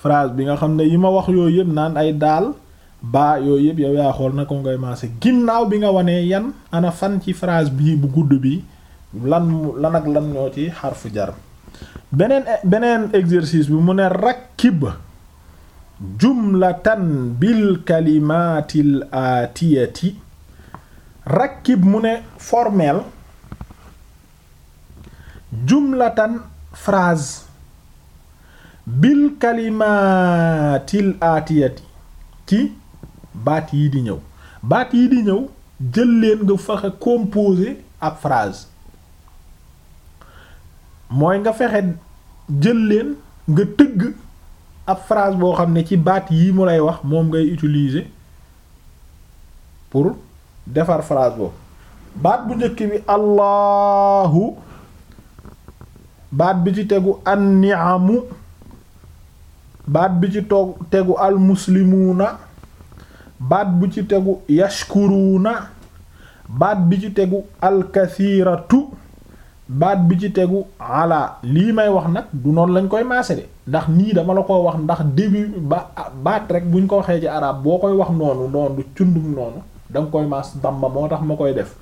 A: phrase bi nga xam ne yi ma wax yooyu yëpp naan ay daal baa yooyu yëpp yow yaa xool na ko ngay maase ginnaaw bi nga wanee yan ana fan ci phrase bii bu gudd bi lan lan ak lan ñoo ci xarfu jar beneen beneen exercice bi mu ne rakkib jumlatan bil kalimaatil aatiyati rakkib mu ne formel jumlatan phrase bil kalimaatil aatiyati ci baat yi di ñëw baat yi di ñëw jël leen nga fexe composer ab phrase mooy nga fexe jël leen nga tëgg ab phrase boo xam ne ci baat yi mu lay wax moom ngay utiliser pour defar phrase boobu baat bu njëkk bi allahu baat bi ci tegu an-ni'amu baat bi ci toog tegu almuslimuuna baat bi ci tegu yashkuruuna baat bi ci tegu alkasiiratu baat bi ci tegu ala lii may wax nag du noonu lañ koy maase de ndax nii dama la ko wax ndax début ba baat rek buñ ko waxee ci arab boo koy wax noonu noonu cundum noonu danga koy maas damba moo tax ma koy def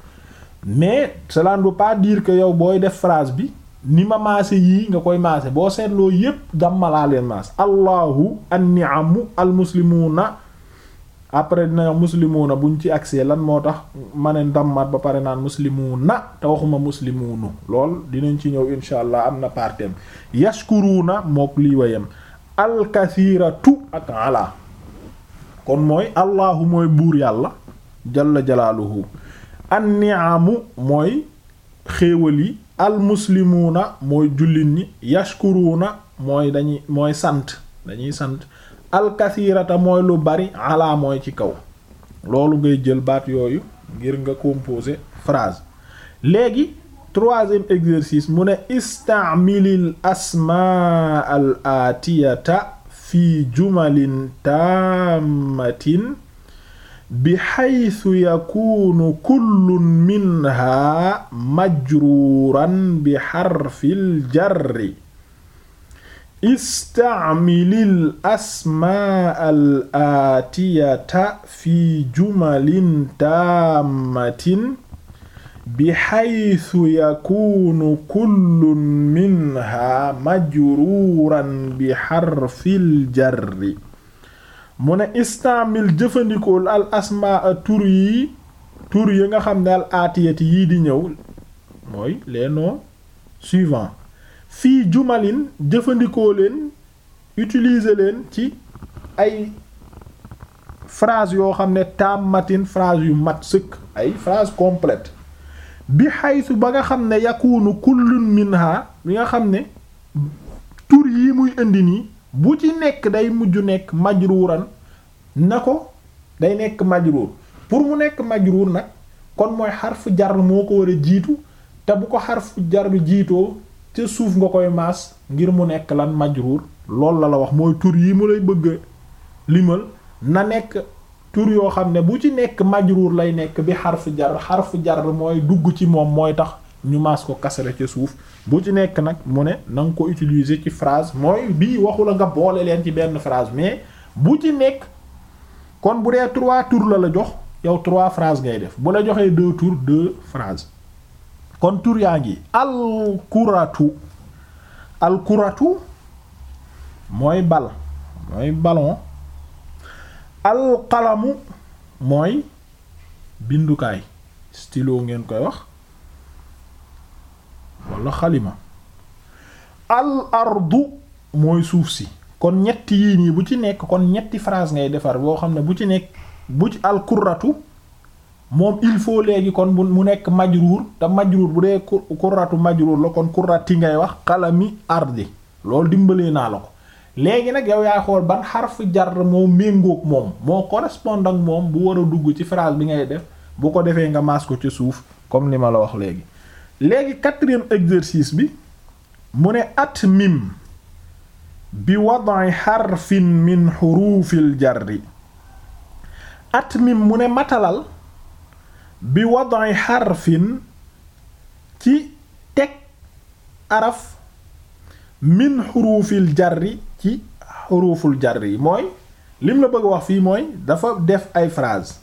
A: mais cela ne veut pas dire yow booy def phrase bi ni ma maase yii nga koy maase boo seetloo yépp damma laa leen maase allahu an-ni'amu al-muslimuna après dina muslimuna buñ ci agsee lan moo tax ma ne ndammaat ba pare naan muslimuna te waxuma muslimunu lool dinañ ci ñëw insha allah am na partem yashkuruna mook lii wayam alkasiratu ak ala kon mooy allahu mooy buur yàlla jalla jalaaluhu an-ni'amu mooy xéewal yi almuslimuuna mooy jullit ni yashkuruuna mooy dañuy mooy sant dañuy sant alkasirata mooy lu bari ala mooy ci kaw loolu ngay jël baat yooyu ngir nga composer phrase léegi troisième exercice mu ne istaamilil asmaa al aatiyata fi jumalin taamatin bi xaytu yakunu kullun minha majruuran bi xarfil jarri istaamilil asmaa al aatiyata fi jumalin taammatin bi xaytu yakunu kullun minha majruuran bi xarfil jarri mu ne istamil jëfandikool al asmaa tur yii tur yi nga xam ne al aatiyati yii di ñëw mooy les noms suivants fii jumalin jëfandikoo leen utiliser leen ci ay phrase yoo xam ne tàmmatin phrase yu mat sëkk ay phrase complète bi xaytu ba nga xam ne yakunu kullun minha bi nga xam ne tur yii muy indi nii bu ci nekk day mujj nekk majruuran na ko day nekk majruur pour mu nekk majruur nag kon mooy xarfu jar moo ko war jiitu te bu ko xarfu jar jiitoo ca suuf nga koy maas ngir mu nekk lan majruur loolu la la wax mooy tur yi mu lay bëgg limal na nekk tur yoo xam ne bu ci nekk majruur lay nekk bi xarfu jar xarfu jar mooy dugg ci moom mooy tax ñu maas ko kasara ca suuf bu ci nekk nag mu ne na ko utiliser ci phrase mooy bii waxu la nga boole leen ci benn phrase mais bu ci nekk kon bu dee trois tours la la jox yow trois phrases ngay def bu la joxee deux tours deux phrases kon tour yaa ngi alkuratu alkuratu mooy bal mooy ballon alqalamu mooy bindukaay stylo ngeen koy wax wala xalima al ardu mooy suuf si kon ñetti yii nii bu ci nekk kon ñetti france ngay defar boo xam ne bu ci nekk bu ci al kurratu moom il faut léegi kon mu nekk majruur te majruur bu dee kurratu majruur la kon kurrati ngay wax xalami ardi loolu dimbalee naa la ko léegi nag yow yaay xool ban xarfu jar moo méngoog moom moo correspond ak moom bu war a dugg ci phrase bi ngay def bu ko defee nga maas ko ci suuf comme ni ma la wax léegi léegi quatrième exercice bi mu ne at mim bi wadi xarfin min xuruufil jarri at mim mu ne matalal bi wadi xarfin ci teg araf min xuruufil jarri ci xuruuful yi mooy lim la bëgg wax fii mooy dafa def ay phrase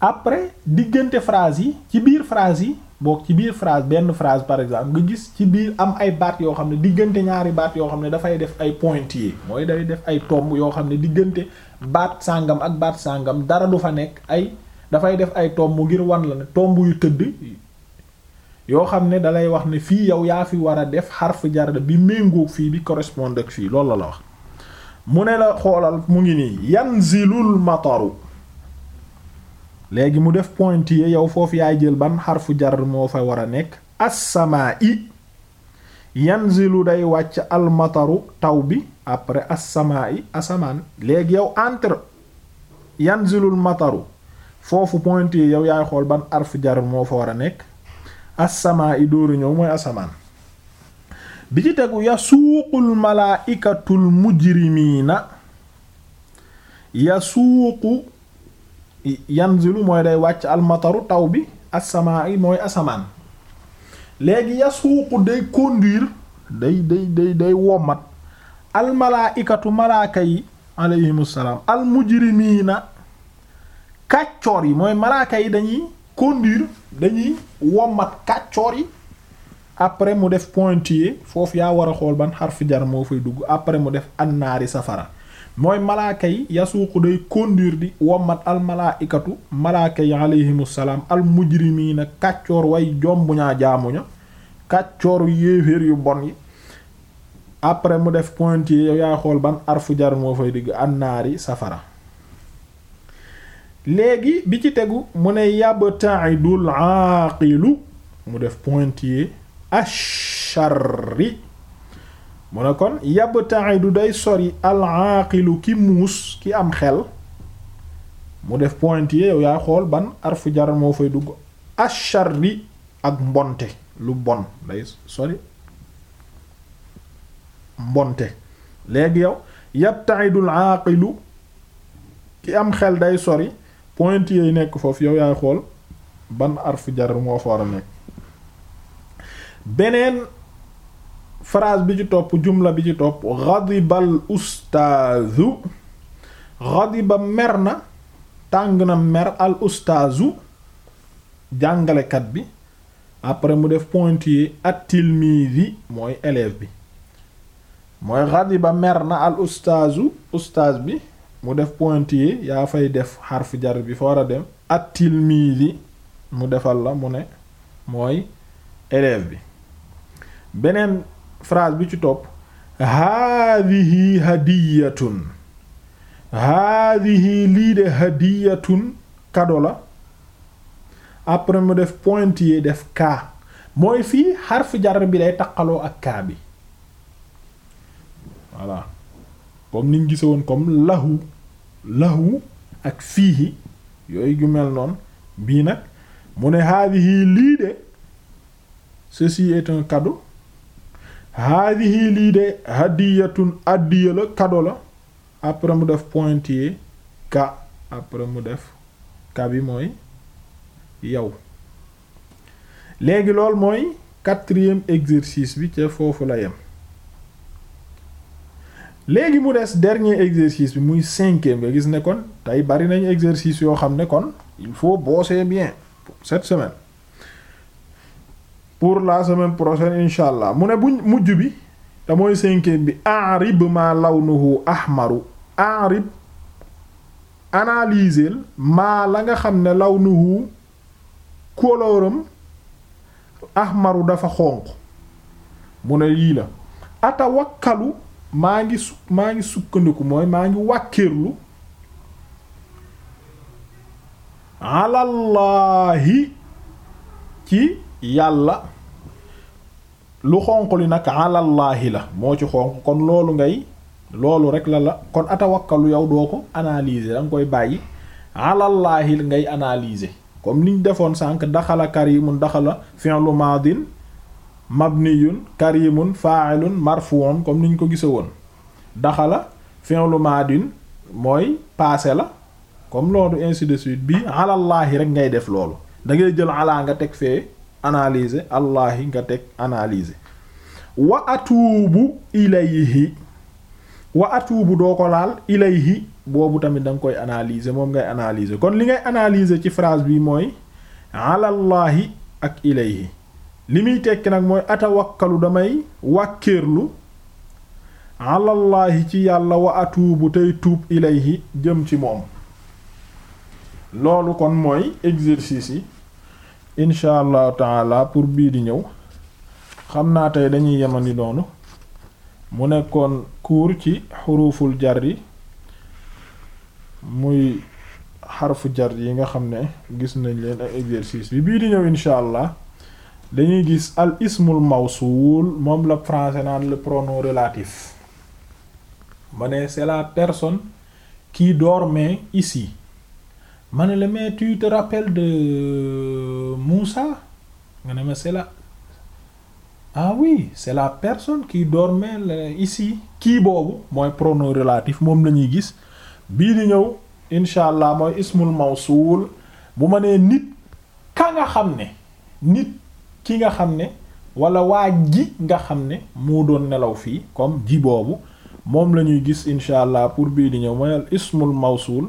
A: après diggante phrase yi ci biir phrase yi boog ci biir phrase benn phrase par exemple nga gis ci biir am ay baat yoo xam ne diggante ñaari baat yoo xam ne dafay def ay pointillés mooy day def ay tomb yoo xam ne diggante baat sàngam ak baat sàngam dara du fa nekk ay dafay def ay tomb ngir wan la ne tomb yu tëdd yoo xam ne dalay wax ne fii yow yaa fi war a def xarf jarda bi méngoog fii bi correspond ak fii loolu la la wax mu ne la xoolal mu ngi nii yanzilul mataru léegi mu def pointillé yow foofu yaay jël ban xarfu jar moo fa war a nekk assamaa i yanzilu day wàcc almataru taw bi après assamaa i asamaan léegi yow entre yanzilul mataru foofu pointillé yow yaay xool ban xarfu jar moo fa war a nekk assamaa i dóoru ñëw mooy asamaan bi ci tegu yasuuqul malaa'ikatul mujrimiina yasuuqu yanzilu mooy day wàcc almataru taw bi asamaa yi mooy asamaan léegi yasuuqu day conduire day day day day wommat almalaaikatu malaaka yi alayhimu salaam almujrimiina kàccoor yi mooy malaaka yi dañuy conduire dañuy wommat kàccoor yi après mu def pointillé foofu yaa war a xool ban xarfu moo fay dugg après mu def annaari safara mooy malaaka yi yasuuqu day conduire di wommat al malaaikatu malaaka yi alayhimu salaam al mujrimiina kàccoor way jombuñaa jaamuña kàccoor yéeféer yu bon yi après mu def point yi xool ban arfu jar moo fay digg annaari safara léegi bi ci tegu mu ne yabta'idul aaqilu mu def point yi asharri mu ne kon yabta'idu day sori al-aaqilu ki muus ki am xel mu def pointier yow yaay xool ban arfu jar moo fay dugg asharri ak mbonte lu sori mbonte léegi yow yabta'idu al-aaqilu ki am xel day sori pointier yi nekk foofu yow yaay xool ban arfu jar moo fa war a nekk beneen phrase bi ci topp jumla bi ci topp xadibal ustaazu xadiba mer na tàng na mer al ustaazu jàngalekat bi après mu def pointillé at-tilmizi mooy élève bi mooy xadiba mer na al ustaazu ustaaz bi mu def pointillé yaa fay def xarfu jar bi fa war a dem at yi mu defal la mu ne mooy élève bi phrase bi ci topp haadihi hadiyatun haadihi lii de hadiyatun kado la après mu def pointillé def ka mooy fii xarfu jar bi day taqaloo ak kaa bi voilà comme niñ gise woon comme lahu lahu ak fiihi yooyu yu mel noonu bii nag mu ne haadihi lii de ceci est un cadeau haadihi lii de hadiyatun addiya la kado la après mu def pointillé ka après mu def ka bi mooy yow léegi lool mooy quatrième exercice bi ca foofu la yem léegi mu des dernier exercice bi muy cinquième nga gis ne kon tey bari nañu exercice yoo xam ne kon il faut bosser bien pour cette semaine pour la semaine prochaine incha allah mu ne buñ mujj bi te mooy cinquième bi arib ma lawnuhu ahmaru arib analyser maa la nga xam ne law lawnuhu kolooram ahmaru dafa xonq mu ne yii la atawakkalu maa ngi maa ngi sukkandiku mooy maa ngi wàkkiirlu alallaahi ci yàlla lu xonq li nag alallaahi la moo ci xonq kon loolu ngay loolu rek la la kon atawakkalu yow doo ko analyser da koy bàyyi alallaahi ngay analyser comme liñ defoon sànq daxala karimun daxala fi'lu madin mabniyun karimun fa'ilun marfu'un comme ñu ko gise woon daxala fi'lu madin mooy passé la comme loolu ainsi de suite bi alallaahi rek ngay def loolu dangay jël alaa nga teg fee analyser allahi nga teg analyser wa atuubu ilayhi wa atuubu doo ko laal ilayhi boobu tamit da nga koy analyser moom ngay analyser kon li ngay analyser ci phrase bi mooy alallahi ak ilayhi li muy tekki nag mooy atawakkalu damay wàkkeerlu alallaahi ci yàlla wa atuubu tey tuub ilayhi jëm ci moom loolu kon mooy exercice yi incha allahu taala pour bii di ñëw xam naa tey dañuy yemandi noonu mu nekkoon cours ci xuruful jar yi muy xarfu jar yi nga xam ne gis nañ leen ay exercice bi biir di ñëw incha allah dañuy gis al ismul mawsuul moom la français naan le pronom relatif ma ne c'est la personne qui dormait ici ma ne la mais tu te rappelles de Moussa nga ne ma c'est la ah oui c'est la personne kii qui dormait ici kii boobu mooy pronom relatif moom la ñuy gis bii di ñëw incha allah mooy ismul mawsuul bu ma nee nit ka nga xam ne nit ki nga xam ne wala waa ji nga xam ne moo doon nelaw fii comme ji boobu moom la ñuy gis incha allah pour bii di ñëw mooy al ismul mawsuul